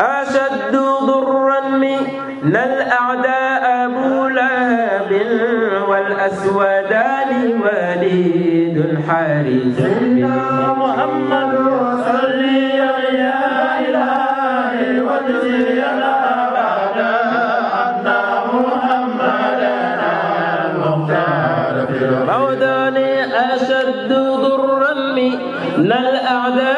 أشد ضرا من الأعداء أبو لهب والأسودان وليد حارث سيدنا محمد صلي يا إلهي واجزي الأبد أن محمدا المختار في موطني أشد ضرا من الأعداء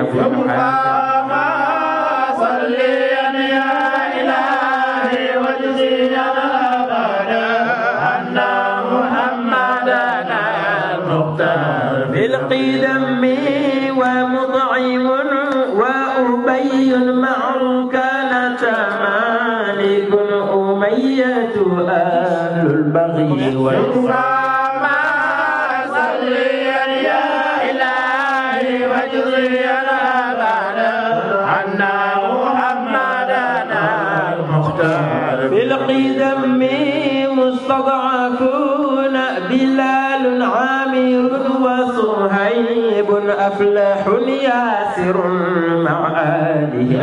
أكون حياتي صليا يا إلهي واجزينا أبدا أن محمدنا المختار بالقدم ومضعم وأبي معه كان تمالك أمية أهل البغي والكفار أفلح ياسر مع آله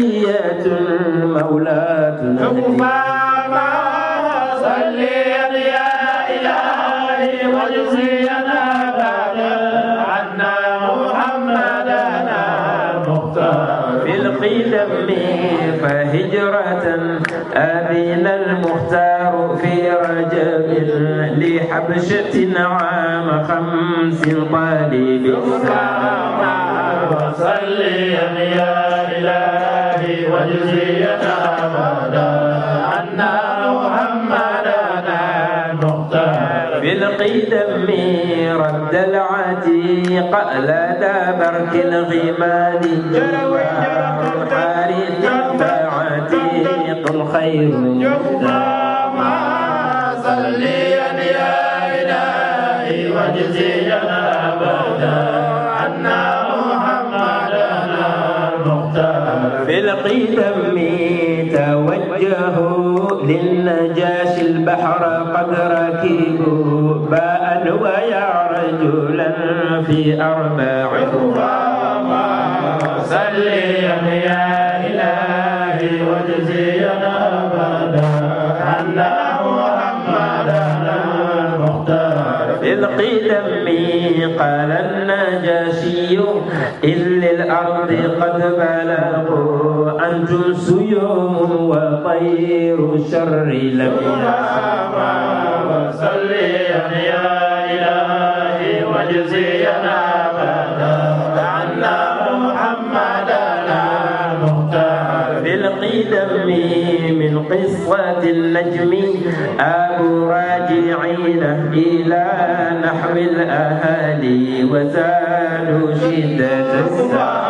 تحيات المولى تنادي فهجرة أبينا المختار في رجب لحبشة عام خمس طالب السلام وصلي يا إلهي وجزية أبدا أن محمدنا المختار بالقدم رد العتيق لدى برك الغمام حارث العتيق الخير ما صليا يا إلهي وجزيا أبدا يلقي دمي توجهوا للنجاش البحر قد ركبوا باء ويا رجلا في أربع عظاما سلم يا إلهي واجزينا أبدا عنا محمدا المختار القي دمي قال النجاشي إذ للأرض قد بلغوا الجنس يوم وطير الشر لم وصل يا إلهي وجزينا عنا محمدنا المختار بالقدم من قصة النجم أبو راجعين إلى نحو الأهالي وزادوا شدة السعادة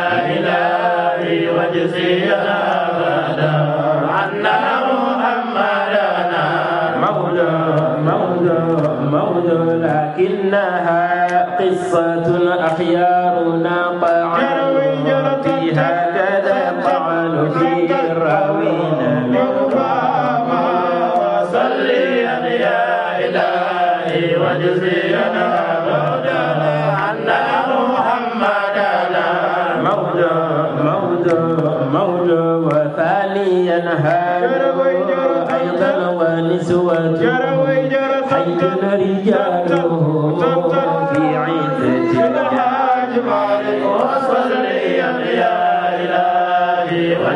إنها قصة أخيارنا طعن فيها كذا طعن في الراوين وصلي يا إلهي وجزينا مولانا عنا محمدنا موجا موجا موجا وثانيا هذا أيضا ونسوة حيث رجال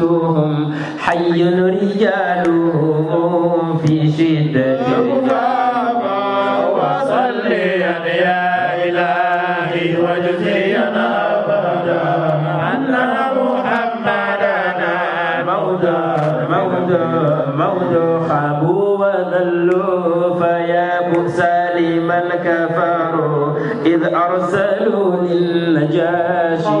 شدتهم حي رجالهم في شدة رجابا وصليا يا إلهي واجزينا أبدا أن محمدنا موضع موضع موضع خابوا وذلوا فيا بؤس لمن كفروا إذ أرسلوا للنجاشي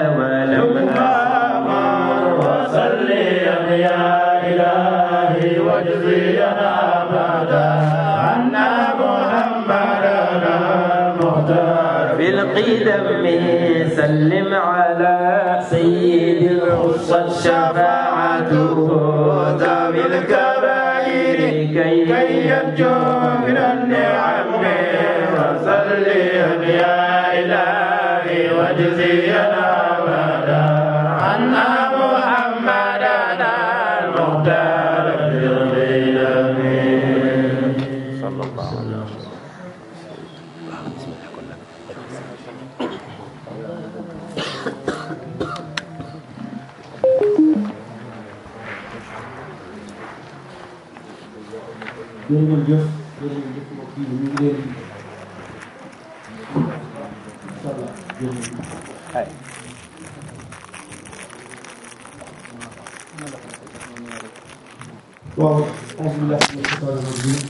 وفي دمه سلم على سيد الخصة شفاعته ذوي الكبائر كي ينجو من النعم وسلم يا إلهي واجزينا أبدا عنا jërëjëf jërëjëf mbokk yi ñu ngi leen di incha allah jërëjëf waaw alhamdulilah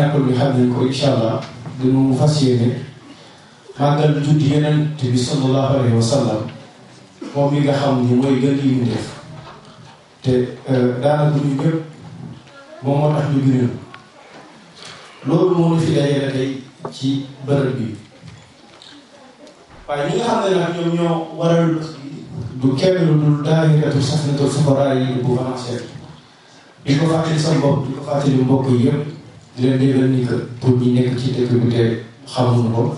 ñàkkul ñu xam nañ ko incha allah dinañu fas yéene màggal juddi yonent bi sallallahu alayhi wa sallam moom mi nga xam ni mooy gën li mu def te euh, daanaka ñu ñëpp moom moo tax ñu gënal loolu ci bërëb bi waaye ñi nga xam ne nag ñoom ñoo waral bés bi du kenn lu dul daahiratu Safinatul Fuqaraa yi bu Valenciennes di ko fàttali sa bopp di ko fàttali mbokk yi di leen ni que pour ñi ci dëkk bi te xamuñu ko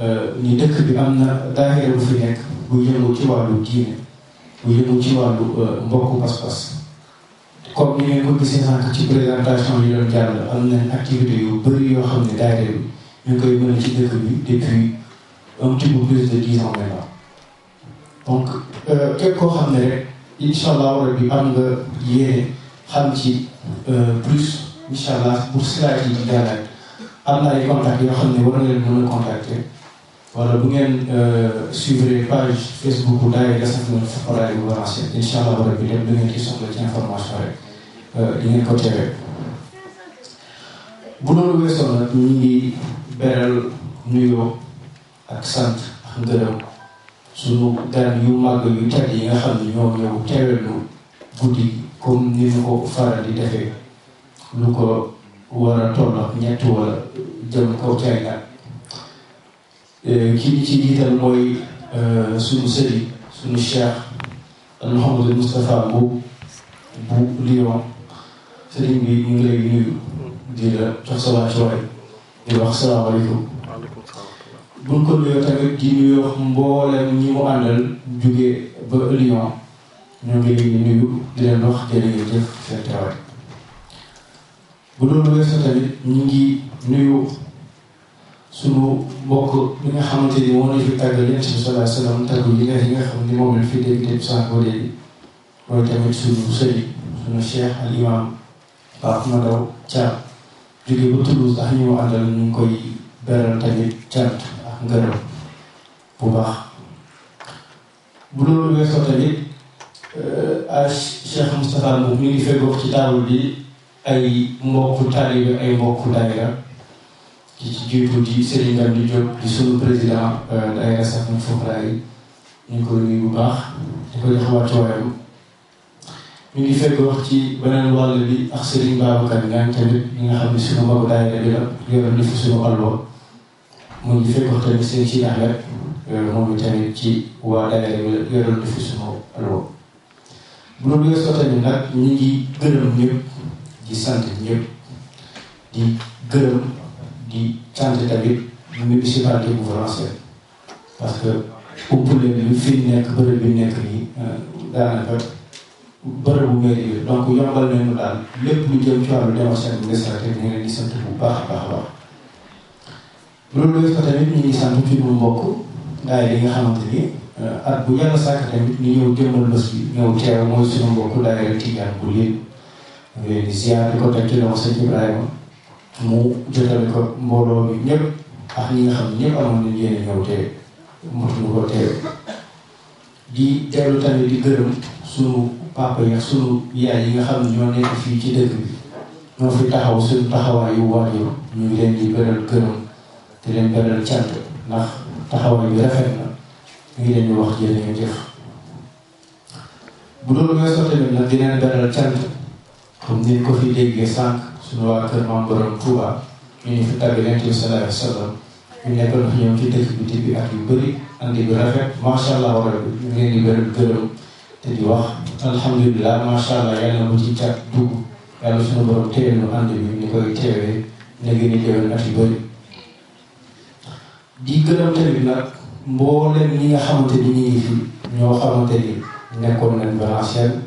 euh, ni dëkk bi am na daayira bu fi nekk bu yëngu ci wàllu diine bu yëngu ci wàllu euh, mbokku pas-pas comme ni ngeen ko gisee sànq ci présentation yi doon jàll am nañ activité yu bëri yoo xam ne daayira bi ñu ngi koy mën ci dëkk bi depuis un petit peu plus de dix ans maintenant donc euh, képp koo xam ne rek incha allah am nga yéene xam ci plus. incha allah pour Siraaj yi daanaka am na xam ne war na leen mën a contacter wala bu euh, Facebook bu Daara Gassama Fapal bu Valenciennes incha allah rabi dem da ngeen ci soxla ci information rek euh, di ngeen ko teewee. bu loolu weesoo nag ñu ngi beral nuyoo ak sant ak ngërëm sunu gan yu màgg yu tedd yi xam ne ñoo ñëw teewee lu guddi comme ni ñu ko faral lu ko war a ñett wala jëm kaw ci ay laaj eh, ki ñu ci jiital mooy eh, sunu sëriñ sunu cheikh Mouhamadou Moustapha Mbow bu Lyon sëriñ bi ñu ngi lay nuyu di la jox sa wàccuwaay di wax salaamaaleykum. buñ ko nuyoo tamit di nuyoo ñi mu àndal jugee ba Lyon ñu ngi lay nuyu di leen wax jërë ngeen jëf seen teewaay. bu loolu weesoo tamit ngi nuyu suñu mbokk bi nga xamante ni moo nañu fi tàggal yonent bi sallallahu alayhi wa sallam tàggu yi nga yi nga xam ni moom la fi dégg dégg sax ba léegi mooy tamit suñu sëriñ suñu cheikh al imam Pape Madaw Thiam jóge ba Toulouse ndax ñu àndal ñu ngi koy beral tamit cant ak ngërëm bu baax bu loolu weesoo tamit ah Cheikh Moustapha moom mi ngi feggoog ci table bi ay mbokku taalibe ay mbokku daayira ci ci jiitu di Serigne Gam di di sunu président euh, daayira Safinatoul Fuqara yi ñu ngi koy bu baax di ko jox wàccuwaayam ñu ngi fekk wax ci beneen wàll bi ak Serigne Babacar Niang tamit nga xam ne sunu magu daayira la euh, moom tamit ci waa daayira bi la yoroon na fi sunu àlloo bu loolu yëpp tamit nag ñu ngi gërëm ñëpp. di sant ñëpp di gërëm di sant tamit municipalité bu Valenciennes parce que ëpp leen lu nekk bërëb bi nekk nii euh, daanaka bërëb bu mairie bi donc yombal nañu daal lépp lu jëm ci wàllu démarche administrative ñu ngi leen di sant bu baax a baax a baax loolu yëpp tamit ñu ngi sant ci suñu mbokk daay li nga xamante ni euh, at bu yàlla sàkk tamit ñu ñëw jëmmal bés bi ñëw teew mooy suñu mbokk daay rek ci bu léegi. ñu leen di ziar di ko teg ci loxo sëñ Ibrahima mu jotale ko mbooloo mi ñëpp ak ñi nga xam ñëpp amoon nañu yéen a ñëw te motuñu ko teew di dellu tamit di gërëm sunu papa yi ak sunu yaay yi nga xam ne ñoo nekk fii ci dëkk bi ñoo fi taxaw suñu taxawaayu waajur ñu ngi leen di beral gërëm di leen beral cant ndax taxawaay bi rafet na ñu ngi leen di wax jërë ngeen jëf bu loolu nga sottee nag dinañ beral cant. comme ni ko fi déggee sànq suñu waa kër maam borom Touba ñu ngi fi tàgg Yonent bi sallallahu alayhi wa sallam ñu nekkoon fi ñoom ci bi ci biir at yu bëri andi bi rafet macha allah war di gërëm gërëm te di wax alhamdulilah macha allah na mu ci cat dugg yàlla suñu borom téye nu andi bi ñu koy teewee na gën a jëloon at yu bëri. di gërëm tey bi nag mbooleem ñi nga xamante ni ñu fi ñoo xamante ni nekkoon nañ Valenciennes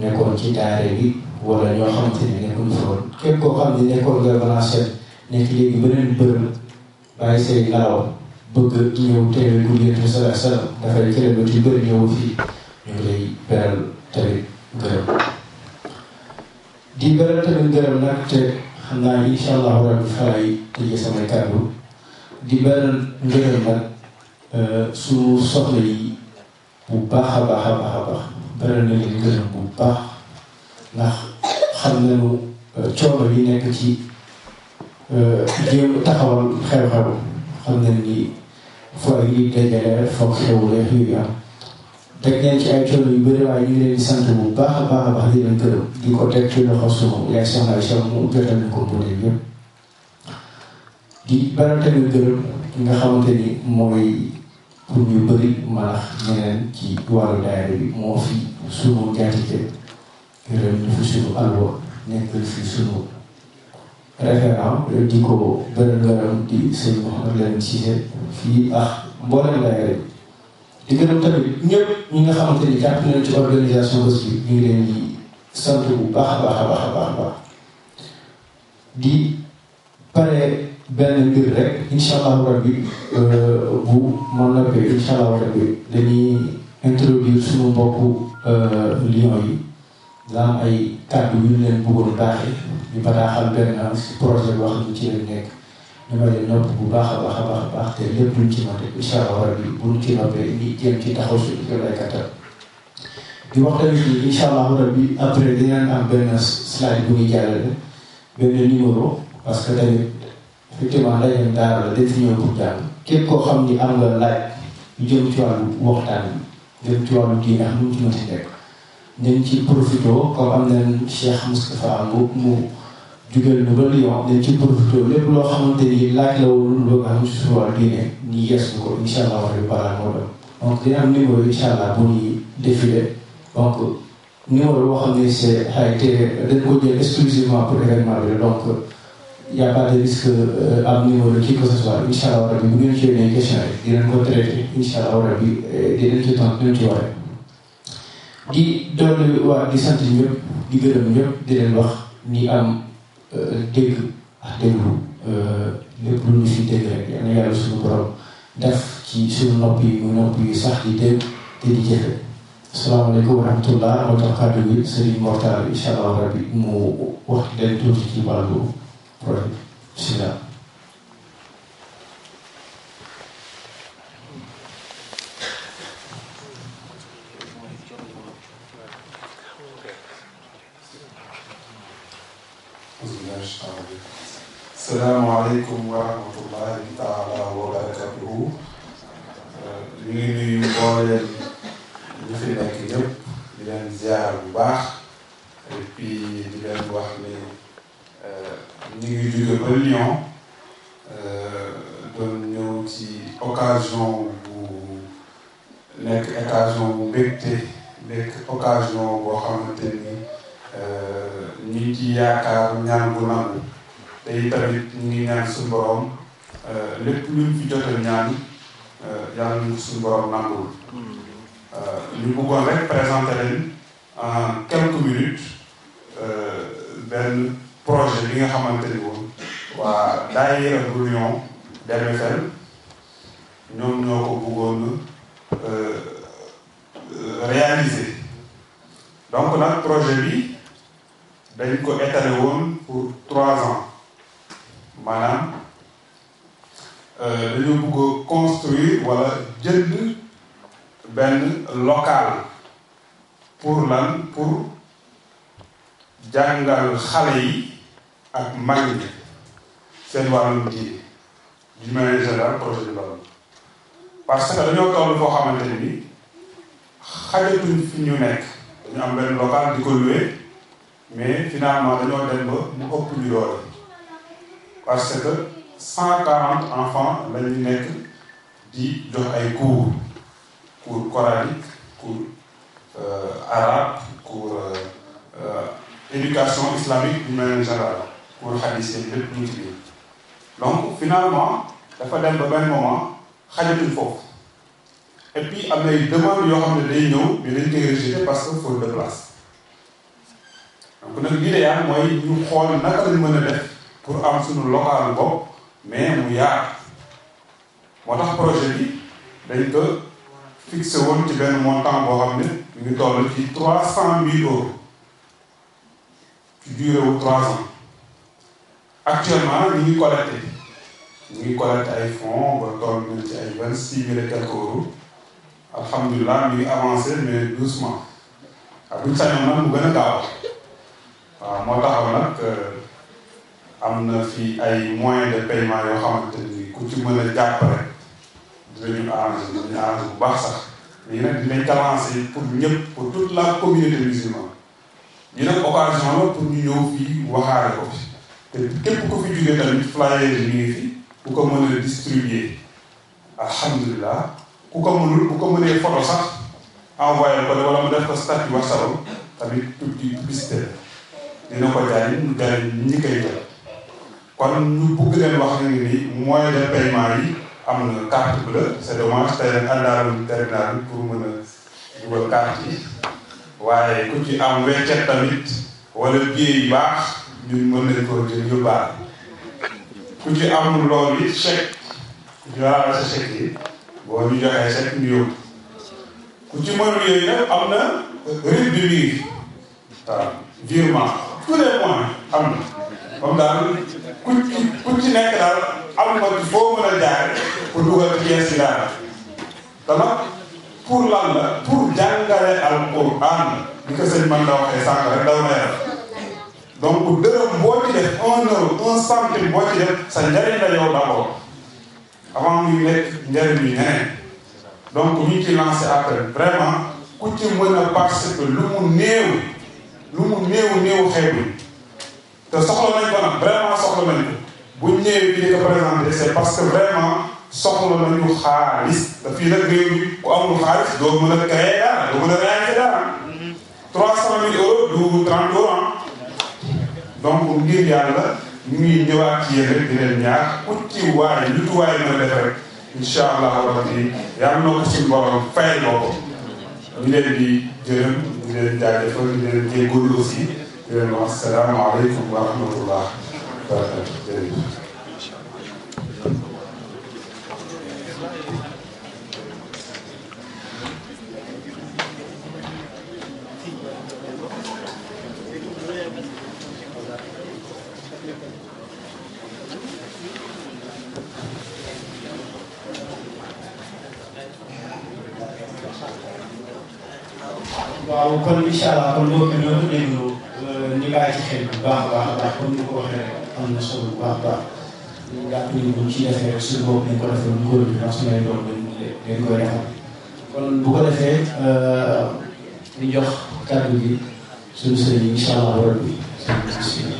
nekkoon ci daare wala ñoo xamante ne nekkuñu fa woon xam ne nekkoon nga balancé nekk léegi beneen bërëb bàyyi say nelaw bëgg ñëw teewee guddi yonent bi sallallahu alayhi wa sallam dafay kilomètre yu bëri ñëw fii ñu ngi lay beral tamit gërëm di beral tamit gërëm nag te xam naa incha allahu rabbi falaay tëjee samay kàddu di beral ngërëm nag euh, suñu soxla yi bu baax a baax a baax a baax beral bu baax ndax xam nañu euh, coono yi nekk ci euh, jéem taxawal xew-xew xam nañ ni foog yi dajale foog xewle yu am teg ngeen ci ay coono yu bëri waaye ñu ngi leen di sant bu baax a baax a baax di leen gërëm di ko teg ci loxo suñu yaay soxna ay mu jotal ñu ko boole yëpp di baral tamit gërëm nga xamante ni mooy pour ñu bëri malax ñeneen ci wàllu daayira bi moo fi suñu jaatike réew dafa suñu alwa nekk fi suñu référent euh, di ko gërëm gërëm di sëñ Mouhamed Lamine fii ak mboolem laay rek di gërëm ni organisation bés bi ñu ngi leen di sant baax a baax a baax a baax a di pare benn mbir rek incha rabbi euh, bu ma noppee incha allahu rabbi dañuy introduire suñu mbokku euh, lion yi. la am ay kàddu yu ñu leen bëggoon baaxee ñu bataaxal benn am si projet ci lañ nekk ñu may leen nopp bu baax a baax a baax te lépp luñ ci mate incha allah rabbi buñ ci noppee di wax tamit ni incha que tamit effectivement day koo xam ni am nga laaj ñu jëm ci wàllu waxtaan bi jëm ci wàllu kii ndax ñu ci mën ci nekk. dañ ci profito comme am nañ Cheikh Moustapha Mboup mu jugal lu ba Lyon dañ ci profito lépp loo xamante ni laaj la woon loo nga xam si suñu wàllu diine ñu yees ko incha allah wala balaa moo dem am numéro incha allah bu ñuy défilé donc numéro boo xam ne c'est ay télé dañ ko jël exclusivement pour événement bi donc y a pas de risque euh, am numéro qui que ce soit incha allah rabi bu ngeen ci yónnee question yi dinañ ko traité incha allah rabi euh, dinañ ci tontu dinañ ci waree. di dolli waa di sant ñëpp di gërëm ñëpp di leen wax ni am euh, dégg ak ah, déglu euh, lépp lu ñu fi dégg rek yal na yàlla suñu borom def ci suñu nopp mu nopp sax di dégg te di jëfe asalaamaaleykum wa rahmatullah moo tax kàddu gi Serigne Mortar rabbi mu wax leen tuuti ci wàllu projet bi bisimilah bi salaamaaleykum wa rahmatullahi taala wa barakatuhu uh, ñu ngi nuyu mbooleem bëggoon rek présenter leen dafa dem ba benn moment xajatul foofu et puis am na ay demande yoo xam ne day ñëw ñu dañ koy rejeté parce que faute de place donc nag l'idéal mooy ñu xool naka lañ mën a def pour am suñu local bopp mais mu yaatu moo tax projet bi dañ ko fixé woon ci benn montant boo xam ne ñu ngi toll fii trois cent mille euros ci durée wu trois ans actuellement ñu ngi collecté ñu ngi collecté ay fonds ba toll ci ay vingt six mille et quelques avancé mais doucement ak buñ sañoon nag mu gën a gaaw waaw moo taxaw nag euh, am na fi ay moyens de paiement yoo xamante ni ku ci mën a jàpp rek dinañu arrangé dinañu arrangé bu baax sax léegi nag dinañ ko lancé pour ñëpp pour toute la communauté musulmane ñu nag occasion la pour ñu ñëw fii waxaare ko fi te képp ku fi jógee tamit flyers yi ñu ku ko mën a distribuer alhamdulilah ku ko mënul bu ko mënee photo sax envoyé ko wala mu def ko statut WhatsApp tamit tuuti publicité dina ko jariñ jariñ ñi koy kon ñu bëgg leen wax ne ni moyen de paiement yi am na carte bleue c'est dommage tey nag àndaaluñ terminal pour mën a dugal carte yi waaye ku ci am weccet tamit wala biir baax ñun mën nañ ko jël yóbbaale ku ci loolu it chèque joxe sa chèque yi boo ñu joxee chèque ñu yóbbu ku ci mënul yooyu nag na rythme de vie waaw virement tous les mois am na comme daal ku ci ku ci nekk daal am nga foo mën a jaar yi daal dama pour lan la pour jàngale alquran ni ko sëñ man da waxee sànq rek donc dërëm boo ci def un euro un centime boo nekk njariñ yi neneen donc ñu ci après vraiment ku ci mën a participer lu mu néew lu mu néew te soxla nañ ko vraiment soxla nañ ko buñ ñëwee bi di ko présenté c'est parce que vraiment soxla nañu xaalis te fii nag réew ku amul xaalis doo mën a créer dara doo mën a mm-hmm. trois cent mille euros du trente euros donc ngir yàlla ñu ngi ñëwaat ci yéen rek di leen ñaax ku ci waaye lu ci waaye mën a def rek incha allah rabbi yàlla na ko suñu borom fayal ma ko ñu leen di jërëm ñu leen jaajëfal ñu leen jégalu aussi di leen wax salaamaaleykum wa rahmatullah wa barakatu jërëjëf ak prix bu ci defee suñu bopp nañ ko defee bu ñu ko rëdd ndax suñu lay doon dañ koy defal kon bu ko defee euh, di jox kàddu gi suñu sëriñ incha allah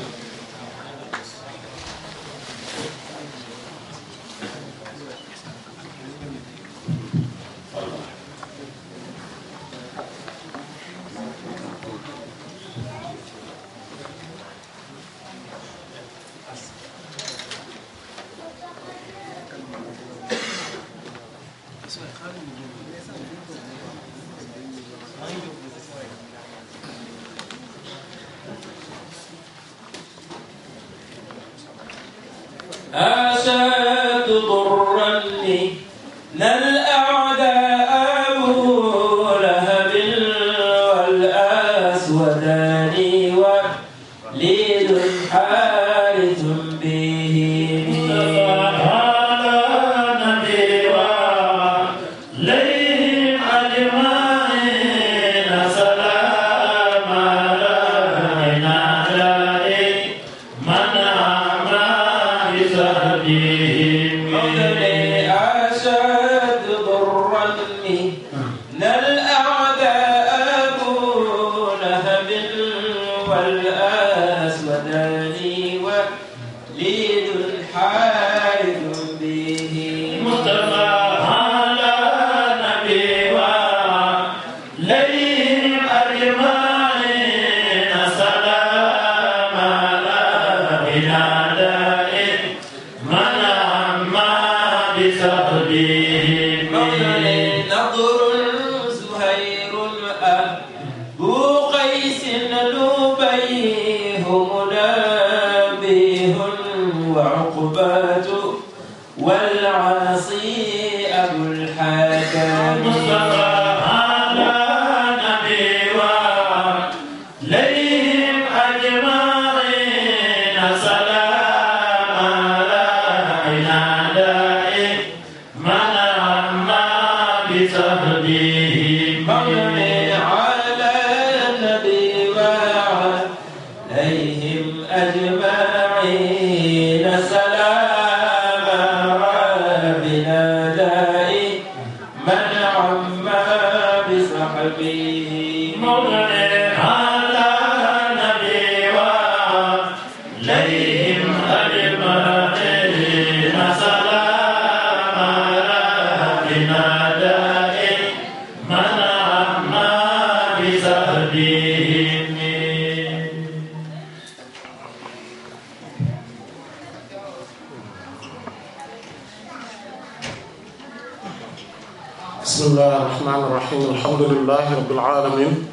rabbil alamin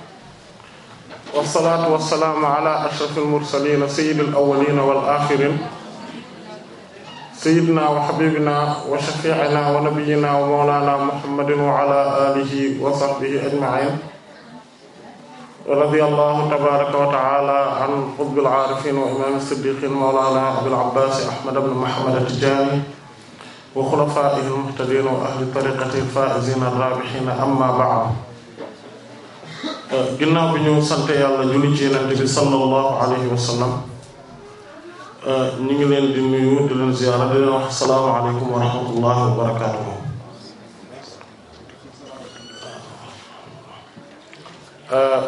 wasalaatu wasalaamu ala ashrafil mursalin sayyidil awwalin wal akhirin sayyidina wa habibina wa shafi'ina wa nabiyyina wa mawlana muhammadin wa ala alihi wa sahbihi ajma'in radiyallahu tabaraka wa ta'ala an qutbil arifin wa imam as-siddiqin mawlana abil abbas ahmad ibn muhammad at-tijani wa xulafaa'ihi al-muhtadiin wa ahli tariiqatihi al-faa'iziina ar-raabihiin amma ba'd Euh, ginnaaw bi ñu sant yàlla julli ci yonent bi sallallahu alayhi wa euh, ñu ngi leen di nuyu di leen ziyaara di leen wax asalaamaaleykum wa rahmatullahi wa barakaatuhu euh,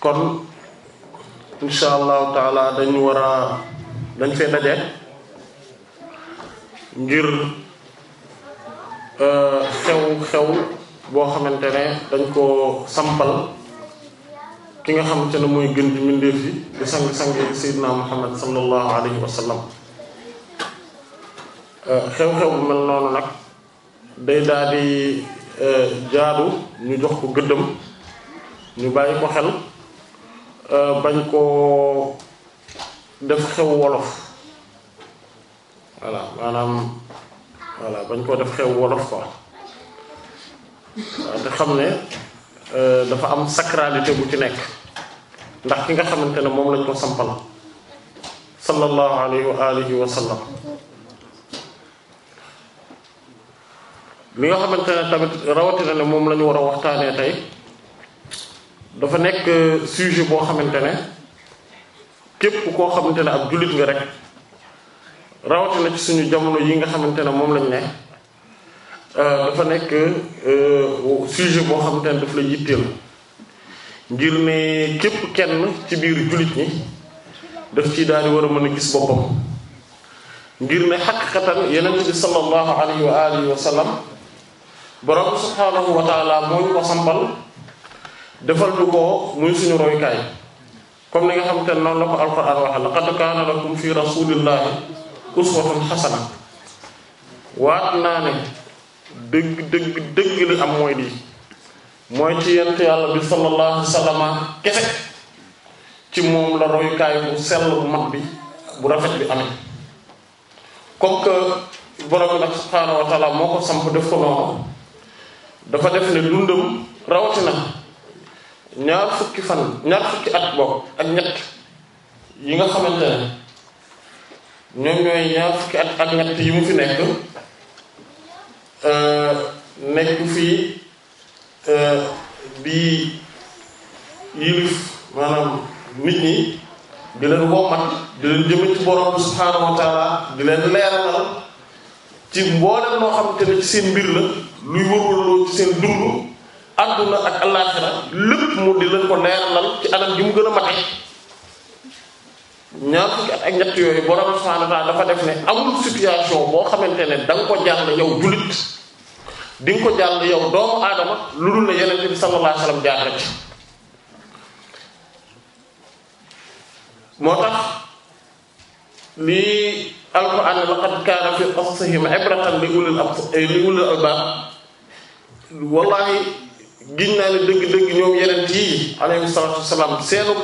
kon insha allahu taala dañu war dañ fee daje ngir xew-xew boo xamante ne dañ koo sampal ki nga xamante ne mooy gën di mbindeef yi di sang-sang yi Seydina Muhammad sallallahu alayhi wa euh, xew-xew mel noonu nag day daal di euh, jaadu ñu jox ko gëddam ñu bàyyi ko xel euh, bañ koo def xew wolof voilà maanaam voilà bañ koo def xew wolof quoi te xam ne euh, dafa am sacralité bu ci nekk ndax ki nga xamante ne moom lañ ko sampal sallallahu alayhi wa alihi wa sallam li nga xamante ne tamit rawatina ne moom la ñu war a waxtaanee tey dafa nekk euh, sujet boo xamante ne képp koo xamante ne ak jullit nga rek rawatina ci suñu jamono yi nga xamante ne moom lañ ne Euh, dafa nekk euh, sujet boo xamante ne daf la yitteel ngir ne képp kenn ci biir jullit ñi daf ci daal di war a mën a gis boppam ngir ne xaqiqatan yeneen bi sallallahu alayhi wa alihi wa sallam borom subhaanahu wa taala moo ñu ko sampal defal du ko muy suñu roykaay comme ni nga xamante ne noonu la ko alquran waxe laqad kaana lakum fi rasulillahi uswatun xasana waat naa ne dëgg dëgg dëgg li am mooy lii mooy ci yent yàlla bi sallallahu alayhi wa sallam kese ci moom la royukaay bu sell bu mat bi bu rafet bi amee comme borom bi nag subhaanahu moo ko samp def ko noonu dafa def ne dundam rawatina ñaar fukki fan ñaar fukki at bokk ak ñett yi nga xamante ne ñoom ñooy ñaar fukki at ak ñett yi mu fi nekk nekk euh, fii euh, bi yilif maanaam nit ñi di leen wommat di leen jëme ci borom bi di leen leeralal ci mboolem loo xamante ne ci seen mbir la luy wërwërloo ci seen dund àdduna ak àllaaxira lépp mu di leen ko leeralal ci anam gi mu gën a mate ñaar fukki ak ñett yooyu borom subhanahu wa dafa def ne amul situation boo xamante ne da nga ko jàll yow jullit di nga ko jàll yow doomu aadama lu dul ne yeneen bi sallallahu alayhi wasallam jaar na ci moo tax lii alquran laqad kaana fi qasasihim ibratan li ulil eh, li ulil albaab wallahi giñ naa ne dëgg-dëgg ñoom yeneen yi alayhi salatu wasalaam seenu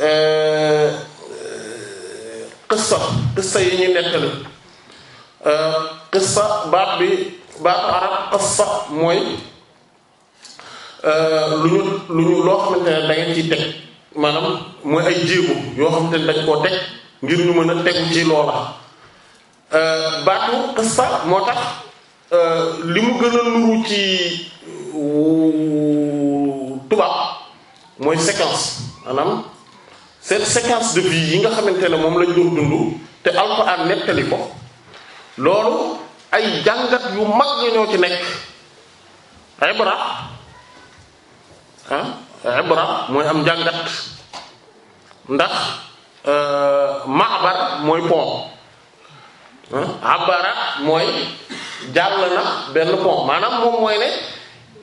Euh, euh, qissa qissa yi ñuy nettali euh, qissa baat bi baatu arab qissa mooy lu ñu lu ñu loo xamante ne da ngeen ciy teg maanaam mooy ay jéego yoo xamante ne dañ koo teg ngir ñu mën a tegu ci loola baatu qissa moo tax li mu gën a nuru ci tubaab mooy séquence maanaam seen séquence de vie yi nga xamante ne moom lañ doon dund te alxuraan nettali ko loolu ay jàngat yu mag ñoo ci nekk ibra ah ibra mooy am jàngat ndax euh, maabar mooy pont ah, abara mooy jàll na benn pont maanaam moom mooy ne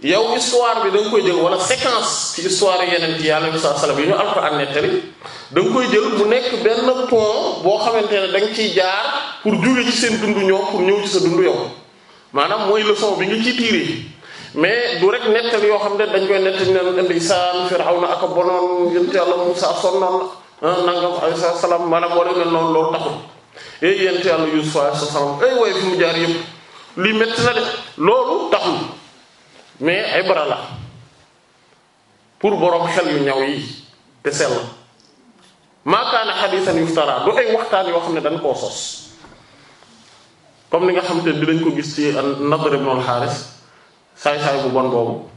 yow histoire bi da nga koy jël wala séquence ci histoire yeneen ci yàlla bi sallallahu alayhi wasallam yi ñu alxuraan koy jël mu nekk benn pont boo xamante ne da ciy jaar pour jóge ci seen dund ñoom pour ñëw sa dund yow maanaam mooy leçon bi nga ciy tiiree mais du rek nettali yoo xam ne dañ koy nettali ne ndeysaan Firawna ak a bonoon yonent yàlla Musaa sonnoon ah, nangam alayhi salaam maanaam wala mel noonu loolu taxul eh yonent yàlla Yuusuf alayhi salaam ay eh, way fi mu jaar yëpp lii métti na de loolu taxul. mais ibra la pour borom xel yu ñaw yi te sell maakaana xadisan yuftara du ay waxtaan yoo xam ne dañ koo sos comme ni nga xam te dinañ ko gis ci Nadr ibn al-Haris saay-saay bu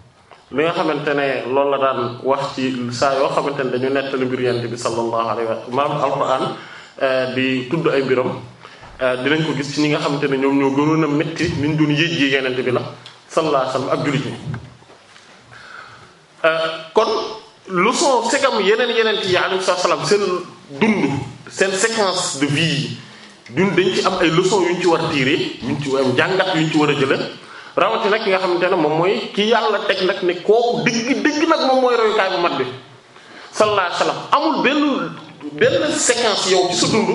nga xamante ne loolu la daan wax ci saa yoo xamante ne dañu nettali mbir yent bi sallallahu alayhi wa sallam eh, di tudd ay mbiram eh, dinañ ko gis ci ñi nga xamante ne ñoom ñoo gënoon a metti niñ doon yéej yi yenent bi la sallallahu alayhi wa ak jullit ñi euh, kon leçon segam yeneen yeneen yi alayhi salaam seen dund seen séquence de vie yi dañ ci am ay leçon yu ñu ci war tiire yuñ ci am jàngat yu ñu ci war a jële rawati nag ki nga xamante ne moom mooy ki yàlla teg nag ne kooku dëgg dëgg nag moom mooy royukaay bu mat bi sallallahu alayhi wa sallam amul benn benn séquence yow ci sa dund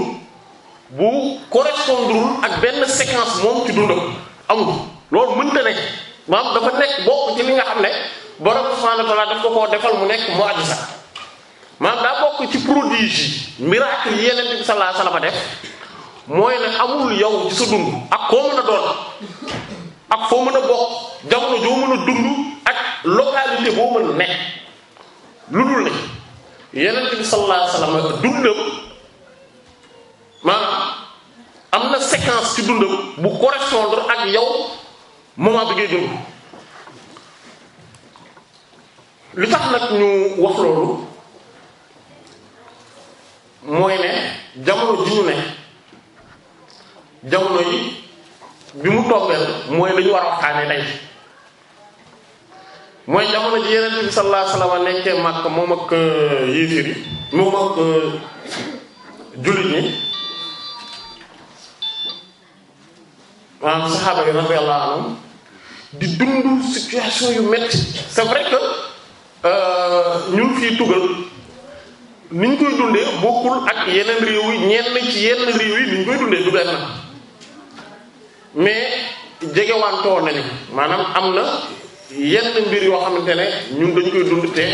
bu correspondre ak benn séquence moom ci dundam amul loolu mënta nekk maam dafa nekk bokk ci li nga xam ne borom subhanahu wa ta'ala daf ko koo defal mu nekk mu'jiza maam daa bokk ci prodige yi miracle yi yeneen bi sallallahu alayhi wasallam def mooy ne amul yow ci sa dund ak koo mën a doon ak foo mën a bokk jamono joo mën a dund ak localité boo mën nekk lu dul ne yeneen bi sallallahu alayhi dundam maam am na séquence ci dundam bu correspondre ak yow moment bi ngay dund lu tax nag ñu wax loolu mooy ne jamono ji ñu ne jamono yi bi mu tombeel mooy lañu war a waxtaane tey mooy jamono ji yeneen bi sallallahu alayhi wasallam nekkee màkk moom ak euh, yéefir yi moom ak euh, jullit ñi maanaam saxaaba yi radiyallahu di dund situation yu metti c'est vrai que euh, ñun fii tugal niñ koy dundee bokkul ak yeneen réew yi ñenn ci yenn réew yi niñ koy dundee du benn mais jegewantoo nañu maanaam am na yenn mbir yoo xamante ne ñun dañu koy dund te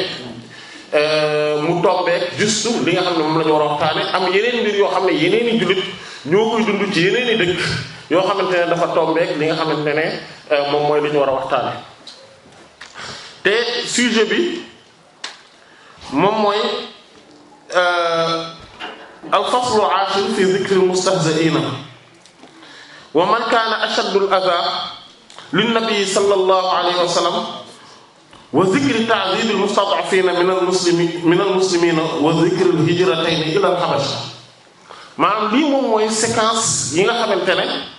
euh, mu tombeek juste li nga xam ne moom la ñu war a waxtaane am yeneen mbir yoo xam ne yeneen i jullit ñoo koy dund ci yeneen i dëkk yoo xamante ne dafa tombeek li nga xamante ne euh, moom mooy li ñu war a waxtaane te sujet bi moom mooy euh, al faslu ashir fi dhikri mustahzi'ina wa man kaana ashaddu al adha lin nabi sallallahu alayhi wa sallam wa dhikri ta'dhib al mustad'afina min al muslimina wa dhikri al hijratayn ila al habasha maanaam lii moom mooy séquence yi nga xamante ne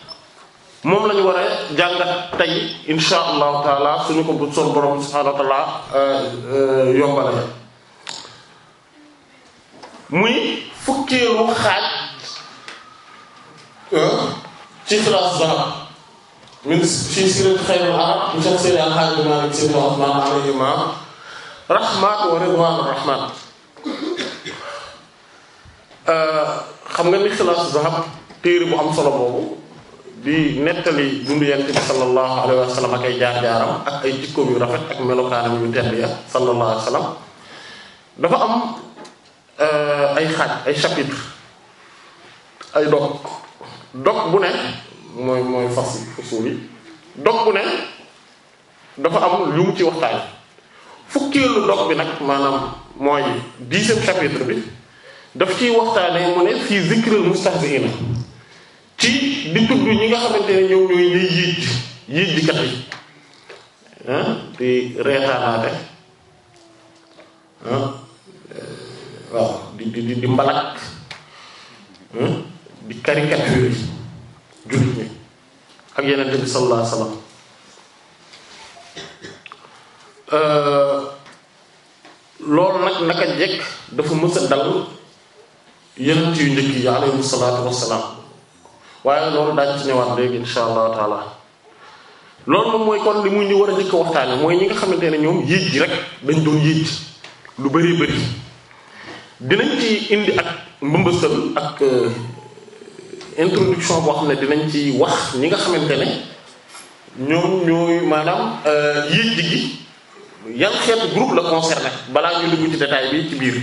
moom la ñu war a jàngat tey insha allahu taala suñu ko bu sol borom subhaanahu wa taala euh, euh, yombal na muy xaaj euh, ci classe zahab min fi sirat xayrul arab mu sax seen alxaaji Maalik Si rahmatullahi alayhima rahmatu wa ridwaanu rahman xam nga ni classe zahab téere bu am solo boobu di nettali dundu yent bi sallallahu alayhi wa sallam ak ay jaar-jaaram ak ay jikkoom yu rafet ak melokaanam yu tedd ya sallallahu alayhi dafa am euh, ay xaaj ay chapitre ay dog dog bu ne mooy mooy fas fusuul yi dog bu ne dafa am lu mu ci waxtaan fukkeelu dog bi nag maanaam mooy dixième chapitre bi daf ciy waxtaane mu ne fii zikril mustahziina ci di tudd ñi nga xamante ne ñoom ñooy ñuy yiij yiij di kat yi di reetaanaate waaw di di di mbalak di caricature jullit ñi ak yeneen bi sallallahu alayhi wasallam euh, loolu nag naka jekk dafa mës a dal yenent yu njëkk yi alayhi salaatu wassalaam waaye loolu daañ ci ñëwaat léegi insha allahu taala loolu moom mooy kon li mu ñu war a njëkk waxtaane mooy ñi nga xamante ne ñoom yéej ji rek dañ doon yéej bari bari dinañ ak mbëmbësal ak euh, introduction boo xam ne dinañ ci wax ñi nga xamante ne ñoom ñooy maanaam euh, yéej gi yan xeetu groupe la concerné balaa ñu dugg ci détail bi ci biir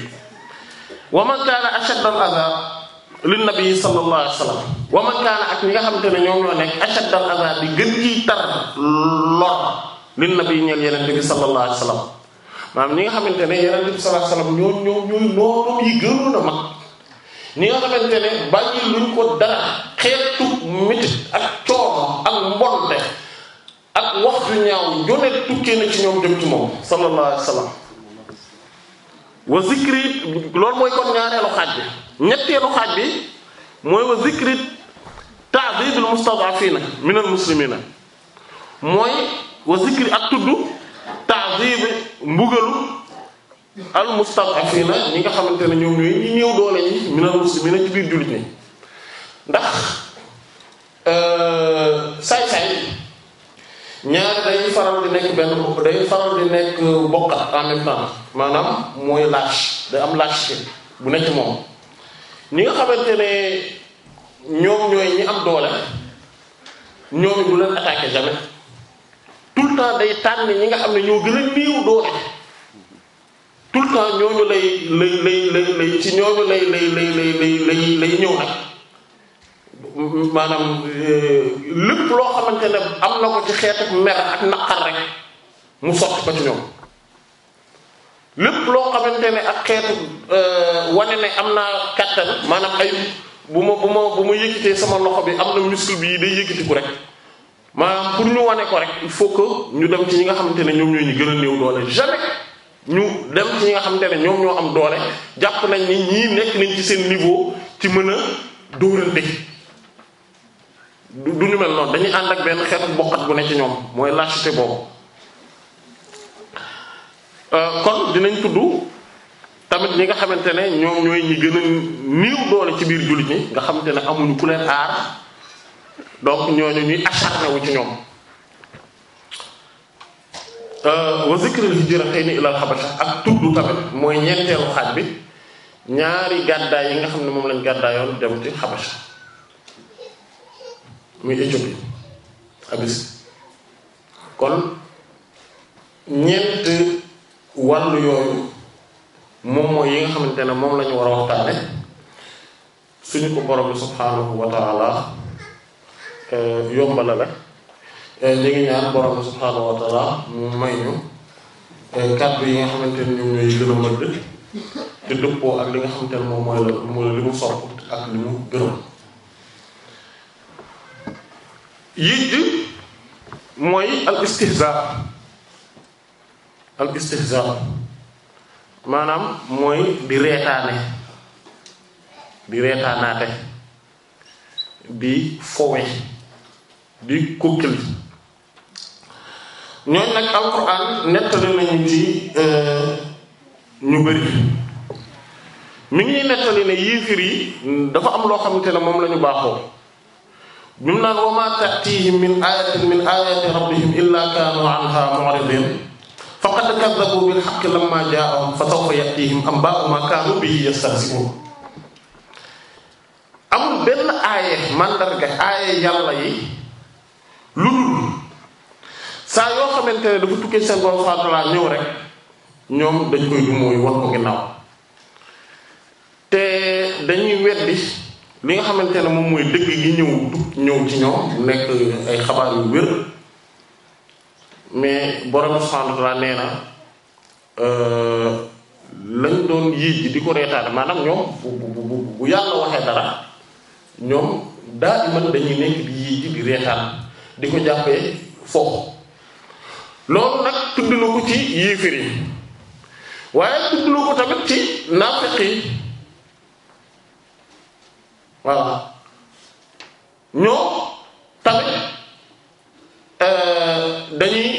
wa man kaana ashadda lin nabi sallallahu alayhi wa sallam wa man kaana ak ñi nga xamante ne ñoom ñoo nekk ashad al azab bi gën ciy tar lor lin nabi ñeel yenente bi sallallahu alayhi wa sallam maanaam ñi nga xamante ne yenente bi sallallahu alayhi wa sallam ñoo ñoo ñooy noonum yi gënoon a mag ñi nga xamante ne bàyyi luñ ko dara xeetu métit ak coono ak mbonte ak wax ju ñaaw jone tukkee na ci ñoom jëm ci moom sallallahu alayhi wa sallam wa zikri loolu mooy kon ñaareelu xaaj bi ñetteelu xaaj bi mooy wa zikri ta'didul mustad'afina minal muslimina mooy wa ak tudd ta'dib mbugalu al mustad'afina ñi nga xamante ne ñoom ñooy ñi doole ñi minal muslimina ci biir jullit ñi ndax euh, saay-saay ñaar day faral di nekk benn day faral di nekk bokkat en même maanaam mooy lâche day am lâcheté bu nekk moom ñi nga xamante ne ñoom ñooy ñi am doole ñoom du leen attaquer jamais tout le temps day tànn ñi nga xam ne ñoo gën a néew doole tout le temps ñooñu lay lay lay lay lay ci ñooñu lay lay lay ñëw nag maanaam euh, lépp loo xamante ne am na ko ci xeetu mer ak naqar rek mu sotti ko ci ñoom. lépp loo xamante ne ak xeetu euh, wane ne am naa kattan maanaam ay bu ma bu ma bu ma yëkkatee sama loxo bi am na muscle bi day yëkkatiku rek maanaam pour ñu wane ko rek il faut que ñu dem ci ñi nga xamante ne ñoom ñooy ñu gën a néew doole ñu dem ci nga xamante ne ñoom ñoo am doole jàpp nañ ni ñii nekk nañ ci seen niveau ci mën a dóorante du ñu mel noonu dañuy ànd ak benn xeetu bokkat bu ne ci ñoom mooy lâcheté boobu. Euh, kon dinañ tudd tamit ñi nga xamante ne ñoom ñooy ñi gën a néew doole ci biir jullit ñi nga xamante ne amuñu ku leen aar donc ñooñu ñuy acharné wu ci ñoom euh, wa zikril hijratayni ilal habasha ak tudd tamit mooy ñeenteelu xaaj bi ñaari gàddaay yi nga xam ne moom lañ gàddaayoon dem ci habasha muy Éthiopie abis kon ñeent wàllu yooyu moom mooy yi nga xamante ne moom lañu ñu war a waxtaane suñu ko borom bi subhaanahu wa taala eh, yombala la eh, ñu ngi ñaan borom mu may ñu eh, kàddu yi nga xamante ne ñoom ñooy mëdd te dëppoo ak li nga xamante ne moom mooy li mu sopp ak li mu gërëm yijj mooy al al maanaam mooy di reetaane di reetaanaate di fowe di kukkili ñooñ nag alquran nettali nañu ci eh, ñu bari mi ngi nettali ne yéefir yi dafa am loo xamante ne moom lañu ñu baaxoo bi naan wa ma ta'tihim min ayatin min ayati rabbihim illa kaanu anha mu'ridin faqad kaddabu bil haqqi lamma am fa sawfa ya'tihim anbaa'u ma kaanu bihi yastahzi'uun amul benn aaye mandarga aaye yàlla yi lu dul saa yoo xamante ne dafa tukkee seen borom subhaanahu wa ta'aala ñëw rek ñoom dañ koy dumooyu wax ko ginnaaw te dañuy weddi li nga xamante ne moom mooy dëgg gi ñëw ñëw ci ñoom nekk ay xabaar yu wér mais borom subhanahu wa ta'ala nee na euh, lañ doon yii ji di ko reetaan maanaam ñoom bu bu bu yàlla waxee dara ñoom daal di dañuy nekk di yii ji di reetaan di ko jàppee foofu loolu nag tudd na ko ci yéefar yi waaye tudd na ko tamit ci naafiq yi waaw ñoo tamit euh, dañuy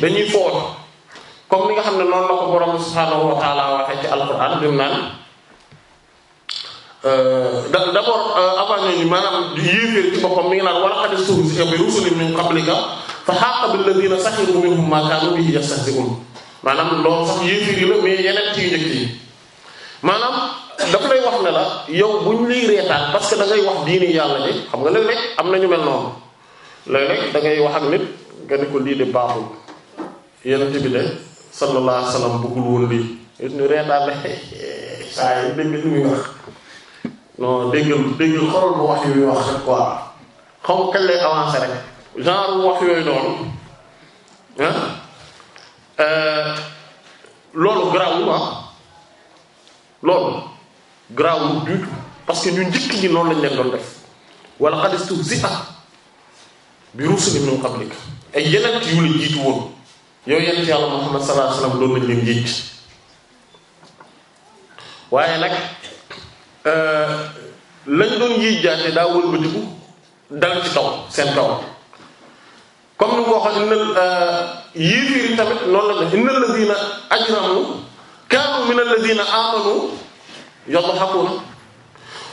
dañuy foot comme li nga xam ne noonu la ko borom subhaanahu wa taala waxee ci alquran bi mu naan euh, d'abord euh, avant maanaam yéeféer ci boppam mi nga naan wa laqad stuhzi'a bi rusulin min qablika fa haaqa billadhiina saxiru minhum maa kaanu bihi yastahzi'uun maanaam loolu sax yéeféer yi la mais yeneen ci yi maanaam daf lay wax ne la yow buñ lay reetaan parce que da ngay wax diini yàlla ji xam nga léeg-léeg am na ñu mel noonu léeg-léeg da ngay wax ak nit nga ne ko lii de baaxul. yonent bi de sallallahu alayhi wa sallam woon lii it ñu reetaan ne saa yi dégg li muy wax non déggal déggal xoolal bu wax yu wax rek quoi xaw ma kañ lay rek genre wax yooyu noonu ah, euh, loolu garaawul ah loolu tout parce que ñu njëkk ñi noonu lañ leen doon def wala xadis tuuti si ah bi rusul min qablik ay yeneen yu la jiitu woon. yow yent yàlla Muhammad sallallahu alayhi wasallam doon nañ leen njiit waaye nag euh, lañ doon njiit jaate daa wëlbatiku dal ci kaw seen kaw comme ni ko waxoon inna euh, yéeféer yi tamit noonu la def inna alladina ajramu kaanu min alladina amanu yadhakuna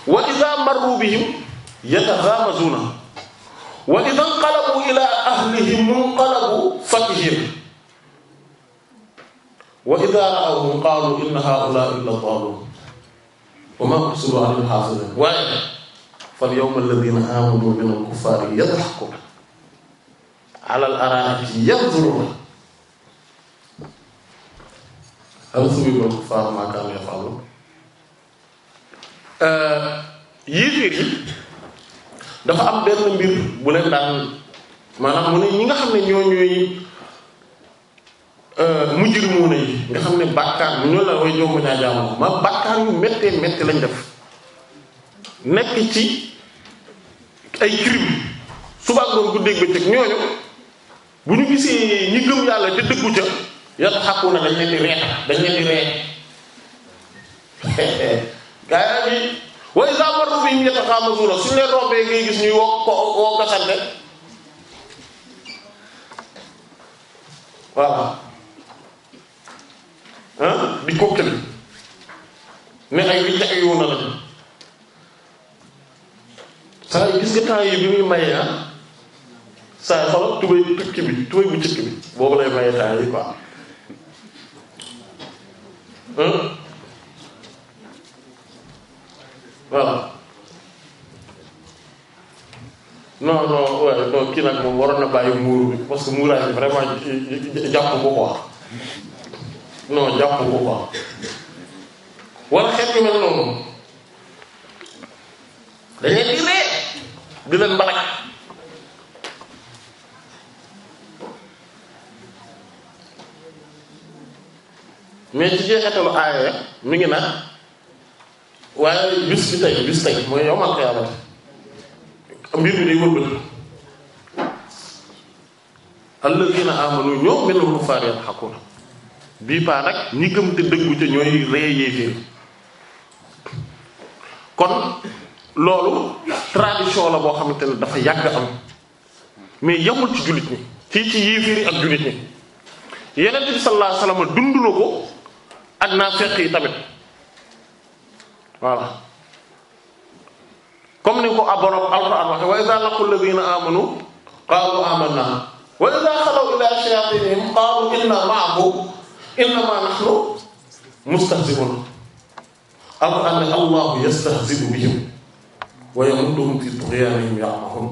wa idha marru bihim yataghamazuuna wa idha inqalabu ila ahlihim munqalabu fakihin wa idha ra'awhum qaalu inna haa'ulaa'a illa daalluun wa maa ursilu 'alayhim haafiziin waaye fal yawma alladhiina aamanuu mina al-kuffaari yadhakuun 'alaa al-araa'iki yanzuruun hal thuwiba al-kuffaaru maa kaanuu yaf'aluun euh, yéeféer yi dafa am benn mbir bu leen daan maanaam mu ne ñi nga xam ne ñoo ñooy Euh, mujrimuuna yi nga xam ne bàkkaar ñoo la way jomb ñaa jaamu ma bàkkaar yu méttee métti lañ def nekk ci ay crime suba ak ngoon guddeeg bëccëg ñooñu bu ñu gisee ñi gëm yàlla te dëggu ca yàlla xàppu na dañ leen di yi wa iza marru bihim yataxaamasuuna suñ leen rombee ah di kokkali mais ay wicc ay yow na la saa yi gis temps yi bi muy maye ah saa yi xoolal tubéy tukki bi tubéy bu njëkk bi boobu lay maye temps yi quoi voilà non non non kii nag moom waroon na bàyyi muuru bi parce que muuraay bi vraiment jàpp ko quoi. non jàpp ko quoi wala xeet yu noonu dañ leen di leen mbalak mais ci jeexitalu aaya mi ngi nag waaye bis bi tey bis tey mooy yow man xeyabat mbir bi day wëlbati alladina amanu ñoom minal kufaar yadxakuun bii paa nag ñi te dëggu ca ñooy ree yéeféer kon loolu tradition la boo xamante ne dafa yàgg am mais yamul ci jullit ñi fii ci yéeféer yi ak jullit ñi yeneen bi sallallahu alayhi wasallam dund na ko ak naafeq yi tamit voilà comme ni ko aborom alquran waxe wa idha laqul ladina amanu qalu amanna wa idha xalaw ila shayatinihim qalu inna ma'akum innama nahnu mustahzi'un alquran ne allahu yastahzi'u bihim wa yamudduhum fi tughyanihim ya'mahun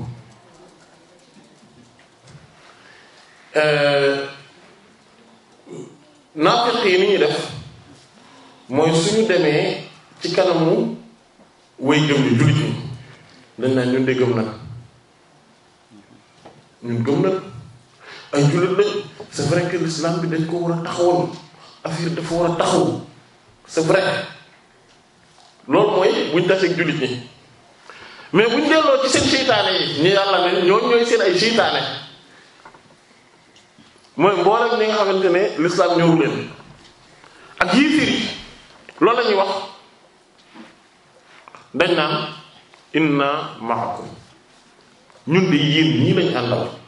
naafiq yi ni ñuy def mooy suñu demee ci kanamu way gëm ni jullit ñi dañ naan ñun de na ñun gëm na ay jullit lañ c'est vrai que l'islam bi dañ ko war a taxawal affaire dafa war a taxaw c'est vrai loolu mooy buñ taseeg jullit ñi mais buñ delloo ci seen seytaane yi ñu yàlla ne ñoom ñooy seen ay seytaane mooy mboolem ñi nga xamante ne l'islam ñëw leen ak yii firi loolu la ñuy wax dañ naan inna maakum ñun de yéen ñii lañ àndal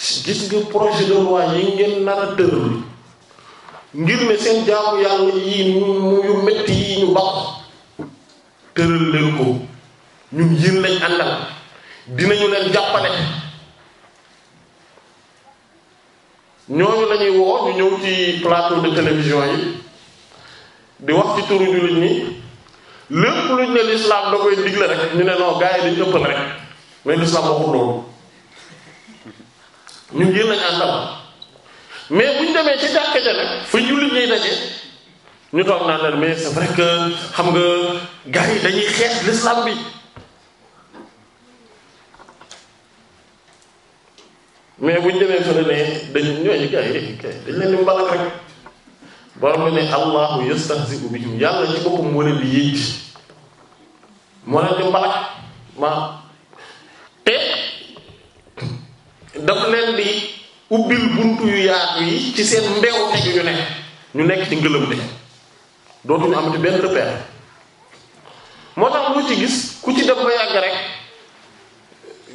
gis nga projet de loi yi ngeen nar tëral ngir ne seen jaamu yàlla yi mu yu metti yi ñu baax tëral leen ko ñun yéen lañ àndal dinañu leen jàppale ñooñu la ñuy woo ñu ñëw ci plateau de télévision yi di wax ci turu jullit ñi lépp luñ ne l'islam da koy digle rek ñu ne non gars yi ëppal rek mais l'islam loolu ñu yéen lañ àndal mais bu ñu demee ci jàkka ja nag fa jullit ñuy daje ñu toog naan leen mais c'est vrai que xam nga gars yi dañuy xeex l'islam bi mais bu ñu demee fa ne ne dañu ñooñu gars yi dañ leen di mbalak rek borom bi ne allahu yastahzi'u bihim yàlla ci boppam moo leen di yéeg moo leen di mbalak ma daf leen di ubbil buntu yu yaatu yi ci seen mbeew tegu ñu nekk ñu nekk ci ngëlëm de dootuñu amati benn repère moo tax lu ci gis ku ci dem ba yàgg rek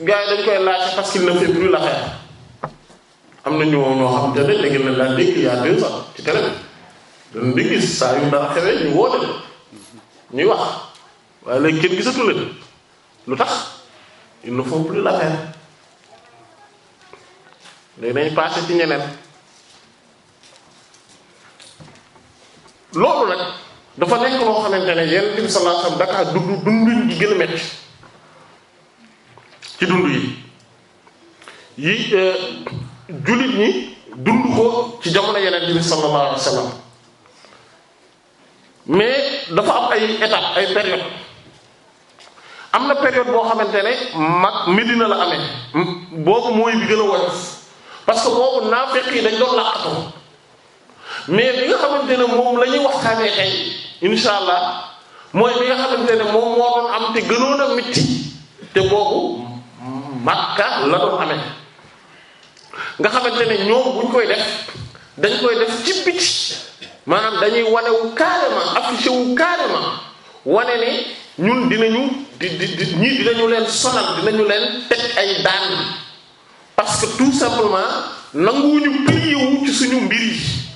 gars yi dañ koy laaj parce qu'il ne fait plus l'affaire am na ñoo ñoo xam te ne léegi na laa dégg yaa deux ans ci télé dañ di gis saa yu dara xewee ñu woote ñuy wax waaye léegi kenn gisatu leen lu tax ils ne font plus l'affaire léegi dañ passé ci ñeneen loolu nag dafa nekk loo xamante ne yenn bi sallallahu alayhi wasallam dakaa dund gën a metti ci dund yi yi euh, jullit ñi dund ko ci jamono yeneen bi sallallahu alayhi mais dafa am ay étape ay période am na période boo xamante ne mag Medina la amee boobu mooy bi gën a woyof parce que boobu naafeq yi dañ doon laqatu mais bi nga xamante ne moom la ñuy waxtaanee tey incha allah mooy bi nga xamante ne moom moo doon am te gënoon a mitti te boobu Makka la doon amee nga xamante ne ñoom buñ koy def dañ koy def ci biti maanaam dañuy wanewu wu carrément affiché wu carrément wane ne ñun dinañu di di ñii dinañu leen sonal dinañu leen teg ay daan. parce que tout simplement nanguwuñu prié wu ci suñu mbir yi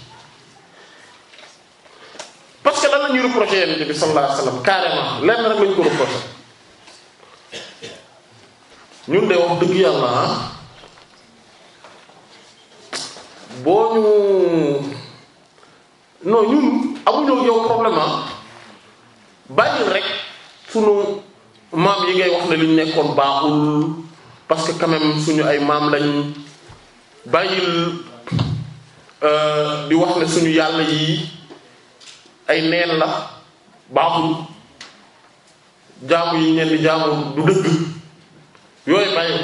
parce que lan la ñuy reproché yonent bi sallallahu alayhi wasallam carrément lenn rek lañ ko reproché ñun de wax dëgg yàlla ah boo ñu non ñun amuñoo yow problème ah bàyyil rek sunu maam yi ngay wax ne liñ nekkoon baaxul. parce que quand suñu ay maam lañ bàyyil euh, di wax ne suñu yàlla yi ay neen la baaxul jaamu yi ñenn jaamu du dëgg yooyu bàyyi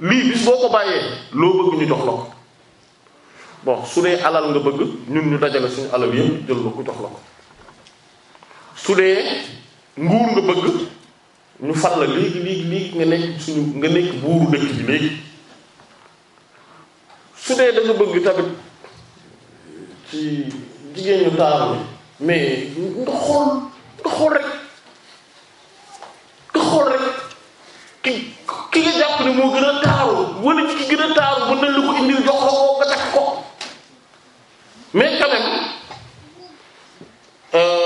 lii bis boo ko bàyyee loo bëgg ñu jox la ko bon su dee alal nga bëgg ñun ñu dajale suñu alal yëpp jël la ko jox la ko su dee nguur nga bëgg ñu fal la léegi léegi léegi nga nekk suñu nga nekk buuru dëkk bi léegi su dee da bëgg tamit ci jigéen ñu taaru mais nga xool nga xool rek nga xool rek ki ki nga jàpp ne moo gën a taaru wala ci ki gën a taaru bu nañ la ko indil jox nga takk ko mais quand euh,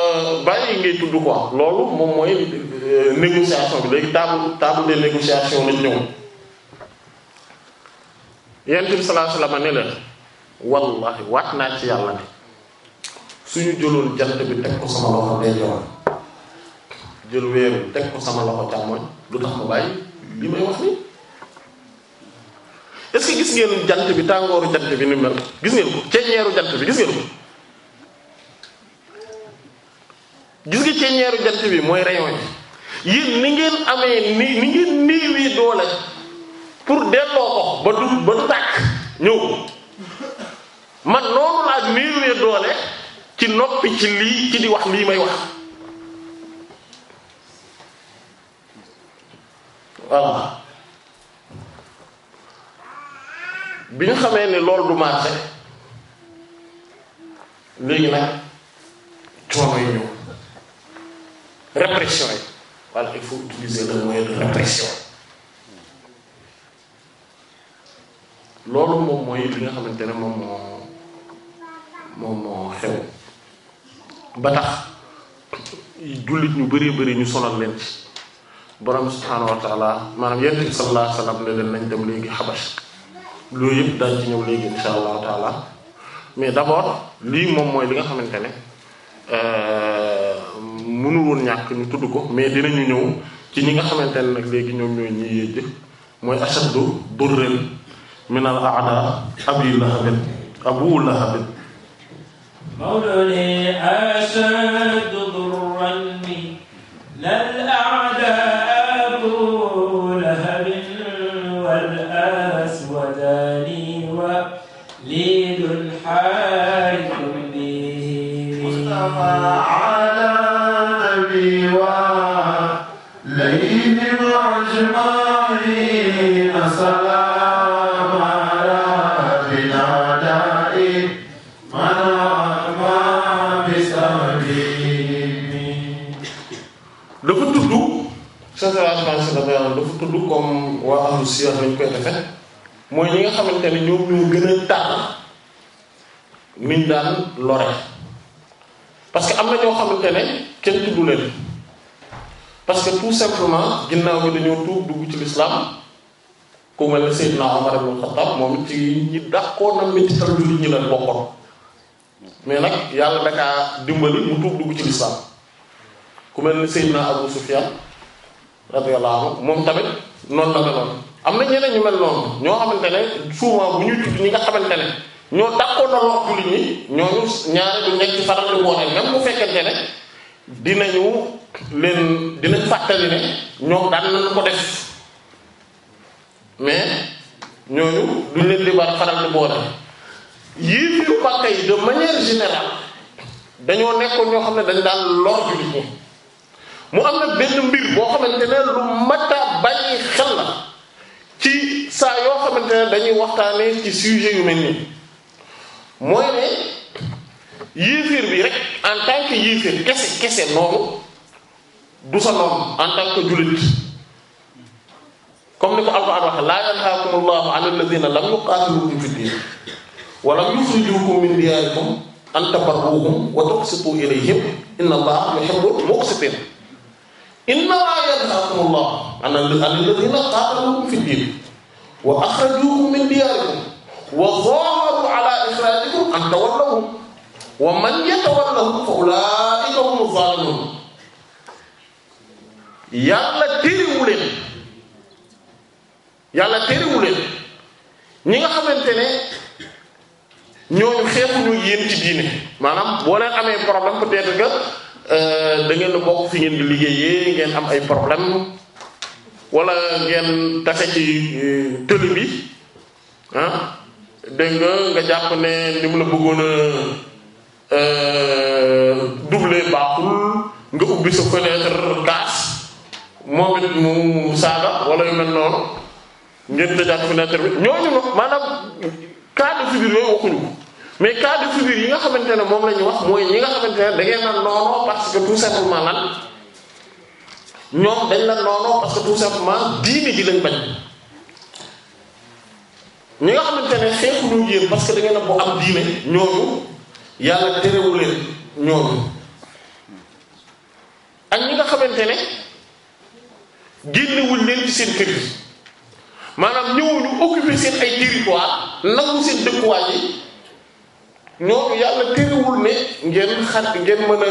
bàyyi yi ngay tudd quoi loolu moom mooy euh, négociation bi léegi table table de négociation lañ ñëw yent bi sallallahu ne leen wallahi waat naa ci yàlla ne suñu jëloon jant bi teg ko sama loxo ndeyjoor jël weer teg ko sama loxo càmmoñ lu tax ma bàyyi li may wax nii est gis ngeen jant bi tàngooru jant bi ni mel gis ngeen ko ceeñeeru jant bi gis ngeen ko gis ci ceeñeeru jant bi mooy rayon yi yéen ni ngeen amee ni ni ngeen néewee doole pour delloo ko ba du ba du tàkk ñëw man noonu laa néewee doole ci noppi ci lii ci di wax lii may wax waaw bi ñu xamee ni lool du marché léegi nag coono ñëw répression yi voilà il faut utiliser le moyen répression loolu moom mooy li nga xamante ne moom moo moom moo xew ba tax jullit ñu bëree bëri ñu sonal leen ci borom subhaanahu wa taala maanaam yonent bi sallallahu ne leen nañ dem léegi xabas loolu yëpp daal ci ñëw léegi insha allahu taala mais d'abord lii moom mooy li nga xamante ne. Euh, mënu woon ñàkk ñu tudd ko mais dinañu ñëw ci ñi nga xamante ne nag léegi ñoom ñooy ñi yéej mooy ashaddu durrel min al aada abi lahabin abu lahabin mawludi dafa tudd sasalaam dafa tudd comme waa ahlu siyar nañ koy defe mooy ñi nga xamante ne ñoom ñoo gën a tar niñ daan lore parce que am na ñoo xamante ne kenn tudd leen parce que tout simplement ginnaaw bi dañoo tuub dugg ci lislaam ku mel ne Seydina Omar ibn Khattab moom ci ñi dàqoon na métital jullit ñi lan bokkoon mais nag yàlla dakaa dimbali mu tuub dugg ci lislaam ku mel ne Seydina Abu Sufyan radiyallahu anhu moom tamit noonu la meloon am na ñeneen ñu mel noonu ñoo xamante ne souvent bu ñuy tudd ñi nga xamante ne ñoo dàqoon wax jullit ñi ñooñu ñaari du nekk ci faral di woote même bu fekkente ne dinañu leen dinañ fàttali ne ñoom daan nañu ko def mais ñooñu duñ leen di war faral di boole yii fiir yi de manière générale dañoo nekkoon ñoo xam ne dañ daan lor jullit ñi mu am na benn mbir boo xamante ne lu mat a xel la ci saa yoo xamante ne dañuy waxtaanee ci sujet yu mel nii mooy ne yéeféer bi rek en tant que yéeféer kese kese noonu du sa noom en tant que jullit comme ni ko alquran waxe laa yanhaakum allahu an alladina lam yuqaatilukum fi ddin wa lam yukhrijukum min diyarikum an tabarruhum wa tuqsitu ilayhim inna allaha yuhibbul muqsitin innamaa yanhaakum allahu an alladina qaatalukum fi ddin wa akhrajukum min diyarikum wa zaharu ala ikhrajikum an tawallahum wa man yatawallahum fa ulaika hum zalimun yàlla térewu yàlla térewu ñi nga xamante ne ñooñu xeexuñu yéen ci diine maanaam boo leen amee problème peut-être que euh, da bokk fi ngeen di liggéeyee ngeen am ay problème wala ngeen tase ci euh, tëli bi ah dégg nga jàpp ne ni mu la bëggoon a euh, doublé baaxul nga ubbi sa fenêtre kaas moom it mu saaga wala yu mel noonu ngeen tëjaat fenêtre bi ñooñu ma maanaam cas de figure yooyu waxuñu mais cas de figure yi nga xamante ne moom la ñu wax mooy ñi nga xamante ne da ngeen naan parce que tout simplement lan dañ la noonoo parce que tout simplement diine ji nga xamante ne parce que da ngeen a bu am diine ñooñu yàlla terewuleen ñooñu ak ñi nga xamante ne génnewuñ leen ci seen kër yi maanaam ñëwuñu occuper seen ay territoire nangu seen dëkkuwaay yi ñooñu yàlla terewul ne ngeen xat ngeen mën a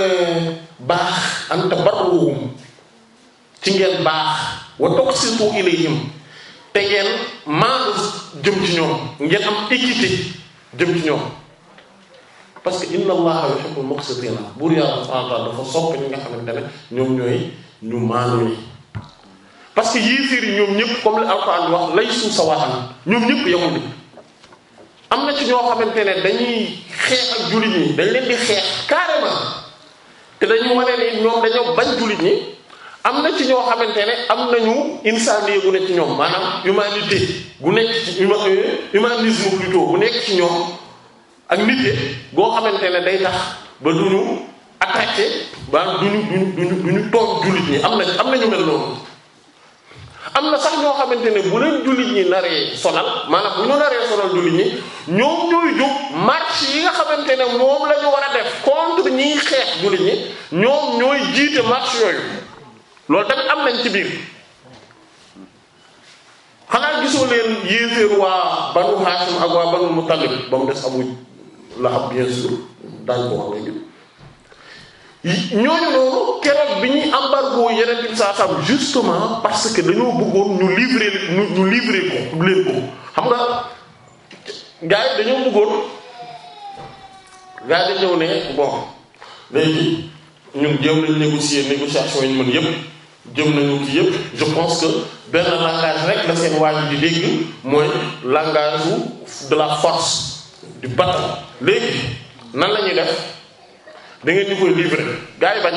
baax am tabarruhum ci ngeen baax wa tuqsitu ilayhim te ngeen maandu jëm ci ñoom ngeen am équité jëm ci ñoom parce que inna allaha yuhibbul muqsitina buur yàlla subhanahu wa ta'ala dafa sopp ñi nga xamante ne ñoom ñooy ñu maandu yi parce que yéeféer yi ñoom ñëpp comme li alxuraan wax lay suuf sa waaxam ñoom ñëpp yemuñu am na ci ñoo xamante ne dañuy xeex ak jullit ñi dañ leen di xeex carrément te dañu wane ne ñoom dañoo bañ jullit ñi am na ci ñoo xamante ne am nañu insanie gu nekk maanaam humanité gu nekk ci euh, humanisme bu nekk ci ñoom ak nit goo xamante ne day ba duñu attaqué ba duñu duñu duñu duñu toog jullit ñi am na am nañu mel noonu am na sax ñoo xamante ne bu leen jullit ñi naree sonal maanaam bu ñu naree sonal jullit ñi ñoom ñooy jóg marche yi nga xamante ne moom la ñu war a def contre ñiy xeex jullit ñi ñoom ñooy jiite marche yooyu loolu tamit am nañ ci biir xanaa gisoo leen yéeféer waa banu Hashim ak waa banu Muttalib ba mu des Abu Lahab bien sûr daañu ko wax léegi ñooñu noonu keroog bi ñuy embargo yeneen saa sam justement parce que dañoo bëggoon ñu livrer ñu livrer ko leen xam nga gars dañoo bëggoon gars yi dañoo ne bon léegi ñun jéem nañ négocier négociation yi ñu mën yépp jëm nañu ci yépp je pense que benn langage rek la seen waaju di dégg mooy langage de la force du bâton léegi nan la ñuy def da ngeen ñu koy livré gars yi bañ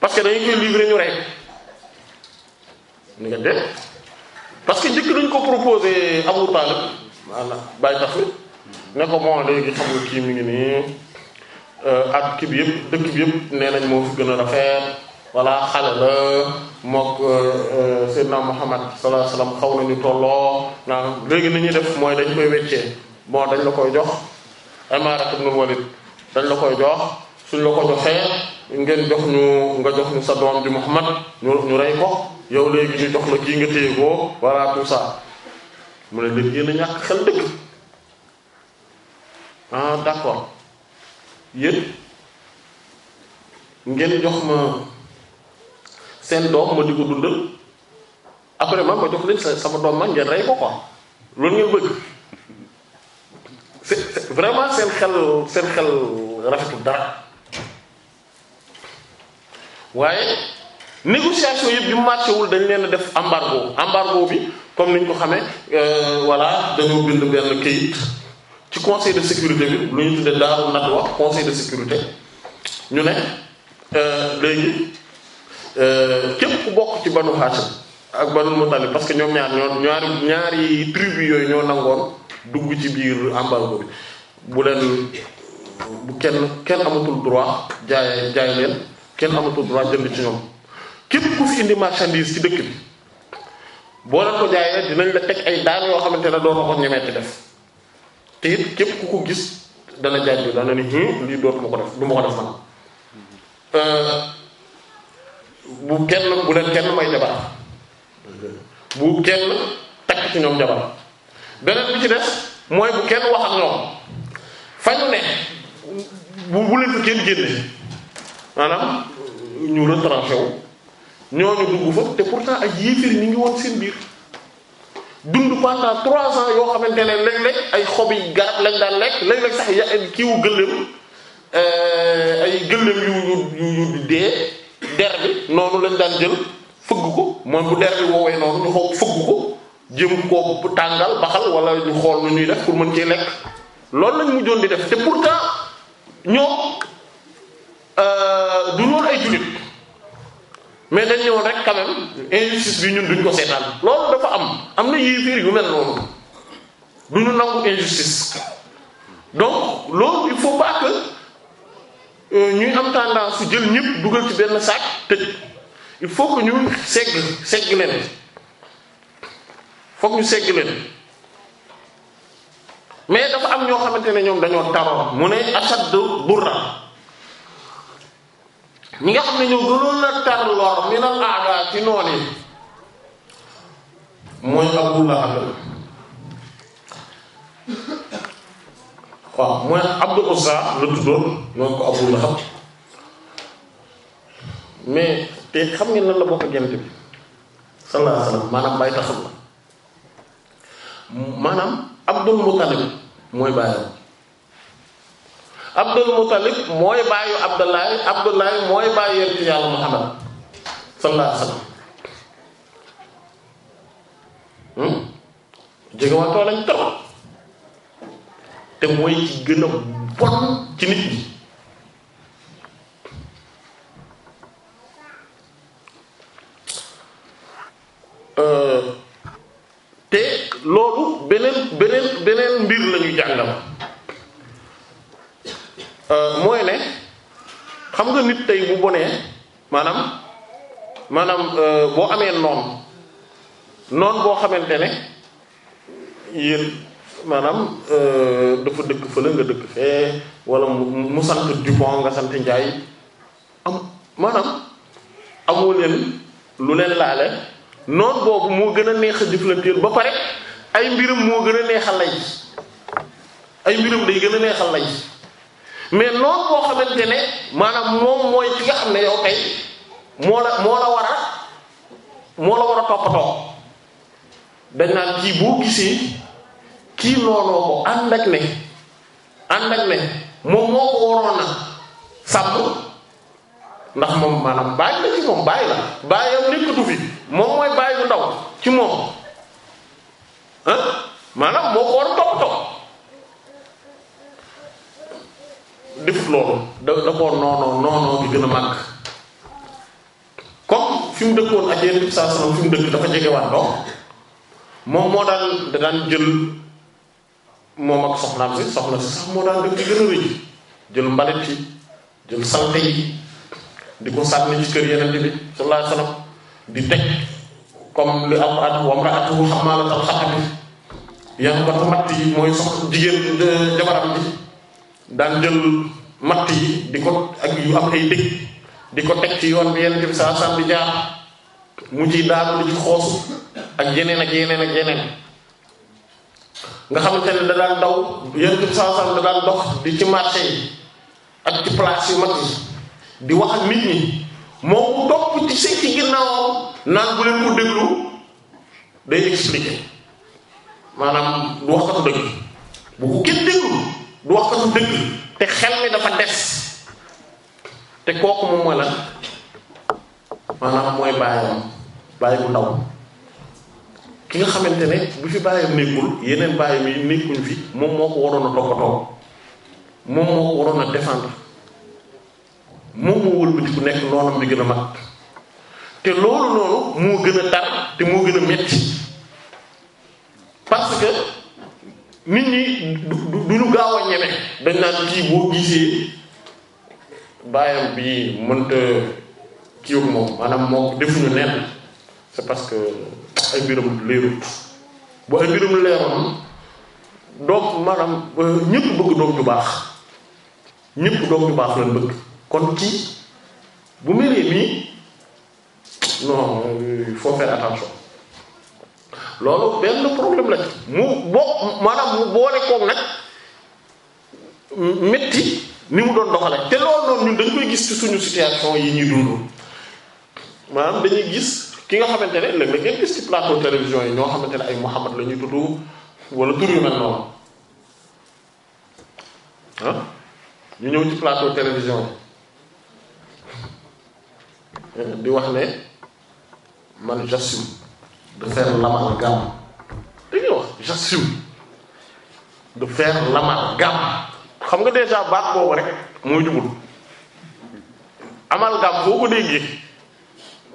parce que dañu koy livré ñu rey ni nga def parce que njëkk dañ ko proposé Abou Talib voilà bàyyi tax ne ko bon léegi xam kii mi ngi nii euh, ak kii yëpp dëkk bi yëpp nee nañ moo fi gën a rafet voilà xale la mook euh, euh, Seydina Muhammad sallallahu alayhi wasallam xaw nañu tolloo naa léegi ni ñuy def mooy dañ koy weccee bon dañ la koy jox Imaara ibn Walid dañ la koy jox suñ la ko joxee ngeen jox ñu nga jox ñu sa doom di Muhammad ñu ñu rey ko yow léegi ñu jox la kii nga téye ko voilà tout ça mu ne léegi yéen a ñàkk xel dëgg ah d'accord ngeen jox ma seen doom ma di ko dundal après ma jox leen sama doom ma ngeen rey ko quoi loolu ngeen bëgg. vraiment seen xel seen xel rafetul dara waaye négociation yëpp bi marché wul dañ leen def embargo embargo bi comme ni ñu ko xamee euh, voilà dañoo bind benn kayit ci conseil de sécurité bi lu ñu tuddee daaru nat wax conseil de sécurité ñu ne euh, léegi euh, képp ku bokk ci banu Hashim ak banul Muttalib parce que ñoom ñaar ñoo ñaari ñaari tribu yooyu ñoo nangoon dugg ci biir embargo bi bu leen bu kenn kenn amatul droit jaay jaay leen kenn amatul droit jënd ci ñoom képp ku fi indi ci dëkk bi boo leen ko jaayee dinañ la teg ay daan yoo xamante ne doon ko ñemee ci def te it képp ku ko gis dana jaaj bi dana ni lii dootuma ko def du ma ko def man euh, bu kenn bu leen kenn may jabar bu kenn takk ci ñoom jabar beneen bi ci des mooy bu kenn wax ñoom fa ne bu bu leen génne maanaam ñu retranché wu ñooñu dugg fa te pourtant ak yéeféer ñu ngi woon seen biir dund pendant trois ans yoo xamante ne léeg ay xob garab lañ daan lekk léeg-léeg sax ya kiiwu euh, lañ daan jël fëgg ko moom bu der bi woowee noonu ñu fëgg ko jëm koo tàngal baxal wala ñu xool nu def pour mën cee lekk loolu lañ jon di def te pourtant ñoo euh, du loolu ay jullit mais dañ ñëwoon rek quand injustice bi ñun duñ ko seetaan loolu dafa am am na yéeféer yu mel noonu du ñu nangu injustice donc loolu il faut pas euh, ñuy am tendance su jël ñëpp dugal ci benn saak tëj il faut que ñu segg segg leen foog ñu segg leen mais dafa am ñoo xamante ne ñoom dañoo taroon mu ne ashaddu burra ñi nga xam ne ñoo gënoon a tar lor min al aada ci noon yi mooy Abu Lahab waaw mooy Abdu la tuddoon noonu mais te xam ngeen lan la bokk jant bi sallallahu alayhi wasallam maanaam bay taxam maanaam Abdul Muttalib mooy baayam Abdul Muttalib mooy baayu Abdullahi Abdullahi mooy baayu yonent yàlla Muhammad sallallahu alayhi wa sallam hmm? jege waxtoo lañ trop te mooy ci gën a bon ci nit ñi euh, te loolu beneen beneen beneen mbir lañuy jàngam jàngal euh, mooy ne xam nga nit tey bu bonee maanaam maanaam euh, boo amee noon noon boo xamante ne yéen maanaam euh, dafa dëkk fële nga dëkk fee wala mu sant Dupont nga sant Njaay am maanaam amoo leen lu leen laale noon boobu moo gën a neex a jëflanteel ba pare ay mbiram moo gën a neexal lay ay mbiram day gën a neexal lay mais noonu boo xamante ne maanaam moom mooy ki nga xam ne yow tey moo la moo la war a moo la war a toppatoo dañ naan kii boo gisee kii noonoo ko ànd ak ne ànd ak ne moom moo ko waroon a sàmm ndax moom maanaam bàyyi la ci moom bàyyi la bàyyam nekkatu fi moom mooy bàyyi bu ndaw ci moom ah maanaam moo ko war a toppatoo defut loolu da da noonoo noonoo bi gën a màgg comme fi mu dëkkoon ak yenn saa sama fi dëkk dafa jege waat donc moom moo daan da daan jël moom ak soxnaam si sax moo daan dëkk gën a rëy jël mbalit jël salte yi di ko sànni ci kër yeneen bi sallallahu alayhi di teg comme li am at wam ra at xamaalata al xatabi yan ba matt yi mooy sox jigéen jabaram bi daan jël matt yi di ko ak yu am ay dëkk di ko teg ci yoon bi yenn bi saa sànni jaar mu ci daal ci xoosu ak yeneen ak yeneen ak yeneen nga xamante ne da daan daw yenn bi saa sànni da daan dox di ci marché yi ak ci place yu mag yi di wax ak nit ñi moom mu ci seen ci naan bu leen ko déglu day expliquer maanaam du waxkatu dëgg bu ko kenn déglu du waxkatu dëgg te xel mi dafa des te kooku moom mooy lan maanaam mooy bàyyi bu ndaw ki nga xamante ne bu fi bàyyam nekkul yeneen bàyyam yi nekkuñ fi moom moo ko waroon a toppatoo moom moo ko waroon a défendre moom moo wëlbati ku nekk noonam bi gën a mat te loolu noonu moo gën a tar te moo gën a metti parce que nit ñi du ñu gaaw a ñeme dañ naan kii boo gisee bàyyam bi mënta kii ak moom maanaam moom defuñu nen c'est parce que ay mbiram leerut bu ay mbiram leeroon donc maanaam ñëpp bëgg doom ju baax ñëpp doom ju baax lañ bëgg kon ci bu melee nii non il attention loolu benn problème la mu maanaam mu boole koog nag métti ni mu doon doxale te loolu noonu ñun dañ koy gis ci suñu situation yi ñuy dund maanaam dañuy gis ki nga xamante ne léeg-léeg ngeen gis ci plateau télévision yi ñoo xamante ne ay Muhammad la ñuy tudd wala tur yu noonu ah ñu ñëw ci plateau télévision di wax ne man j'assume de faire l'amalgame dañuy wax j'assume de faire xam nga déjà baat boobu rek moo jubul amalgame boo ko déggee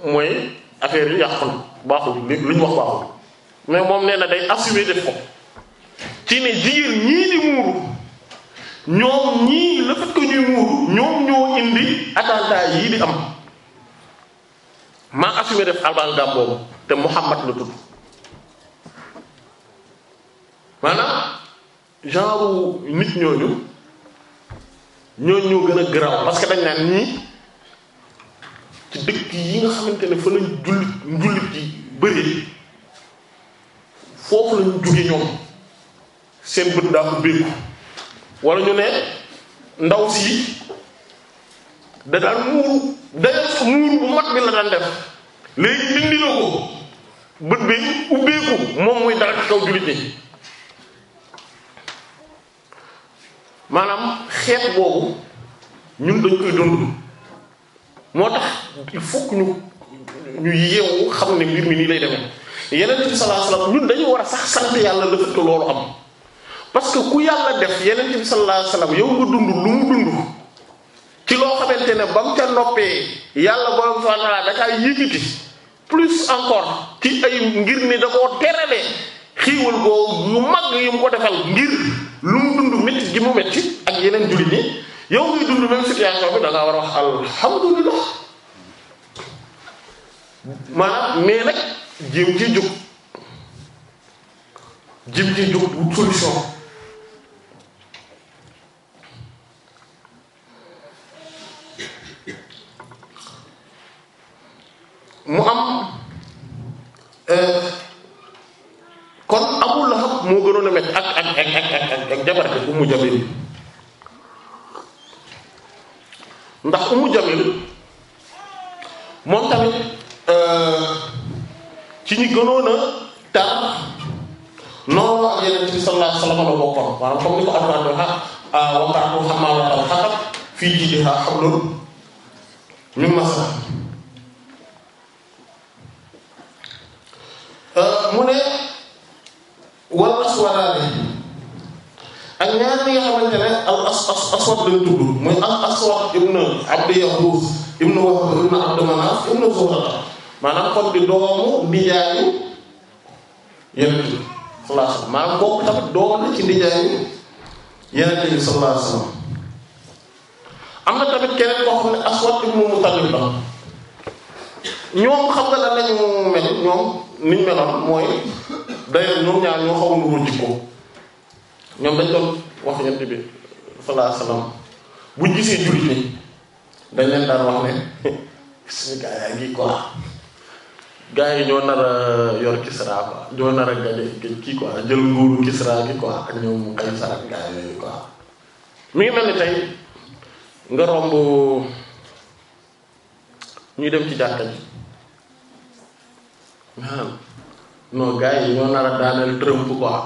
mooy affaire yi yàqul baaxul li ñu wax baaxul mais moom nee na day assumer def ko ci ne jigéen ñii di muuru ñoom ñii le fait que ñuy muuru ñoom ñoo indi attentat yii di am maa assumer def amalgame boobu te Muhammad la tudd maanaam genre nit ñooñu ñooñu ñoo gën a garaaw parce que dañ naan ñii ci dëkk yi nga xamante ne fa nañ jullit njullit yi bëri foofu lañu jóge ñoom seen bët daa ubbeeku wala ñu ne ndaw si da daan muuru dayal muuru mat bi la daan def léegi dindi na ko bët bi ubbeeku moom mooy dara ci kaw jullit ñi maanaam xeet boobu ñun dañ koy dund moo tax il faut que ñu ñu yeewu xam ne mbir mi nii lay demee yeneen bi sallallahu alayhi ñun dañu war a sax sant yàlla le fait que loolu am parce ku yàlla def yeneen bi sallallahu alayhi wasallam yow nga dund lu mu dund ci loo xamante ne ba mu ca noppee yàlla borom subhanahu wa ta'ala da kaa plus encore ci ay ngir ni da koo teralee xiiwal boobu yu mag yi mu ko defal ngir lu mu dund métti gi mu métti ak yeneen jullit yi yow muy dund même situation bi da ngaa war a wax alhamdulillah maanaam mais nag jéem ci jóg jéem ci jóg bu solution mu am euh, kon Abu Lahab moo gënoon a métti ak ak ak ak ak ak jabarte Ummu ndax Ummu Jamil moom tamit euh, ci ñi gënoon a tar noonu ak yeneen ci sallallahu alayhi wasallam la bokkoon maanaam comme ni ko Alxuraan doon wax ah, wa imra'atun hammalatal hatab fii jiidihaa hablun min masad Euh, mu ne a aswadaani ak ñaar yi nga xamante ne al as as aswad lañ tudd muy al aswad ibnu abdi yahuus ibnu wahb ibnu abdu manaaf ibnu zuhra maanaam kon di doomu ndijaayu yeneen bi sallallahu alayhi wasallam maanaam tamit doom la ci ndijaayu yeneen bi sallallahu alayhi am na tamit keneen koo xam ne aswad ibnu mutalib la ñoom xam nga lan lañu mel ñoom niñ meloon mooy d'ailleurs ñoom ñaar ñoo xaw a nuroo jikko ñoom dañ doon wax yent bi sallallahu alayhi wasallam buñ gisee jullit dañ leen wax ne suñu gaa yaa ngi quoi ñoo nar a yor Kisra quoi ñoo nar a gaje kii quoi jël nguuru Kisra gi quoi ak ñoom Kaysar ak gaa yooyu quoi mi ngi mel ni tey nga romb ñuy dem ci jàkka ji maanaam ah. non yi ñoo nar a daaneel Trump quoi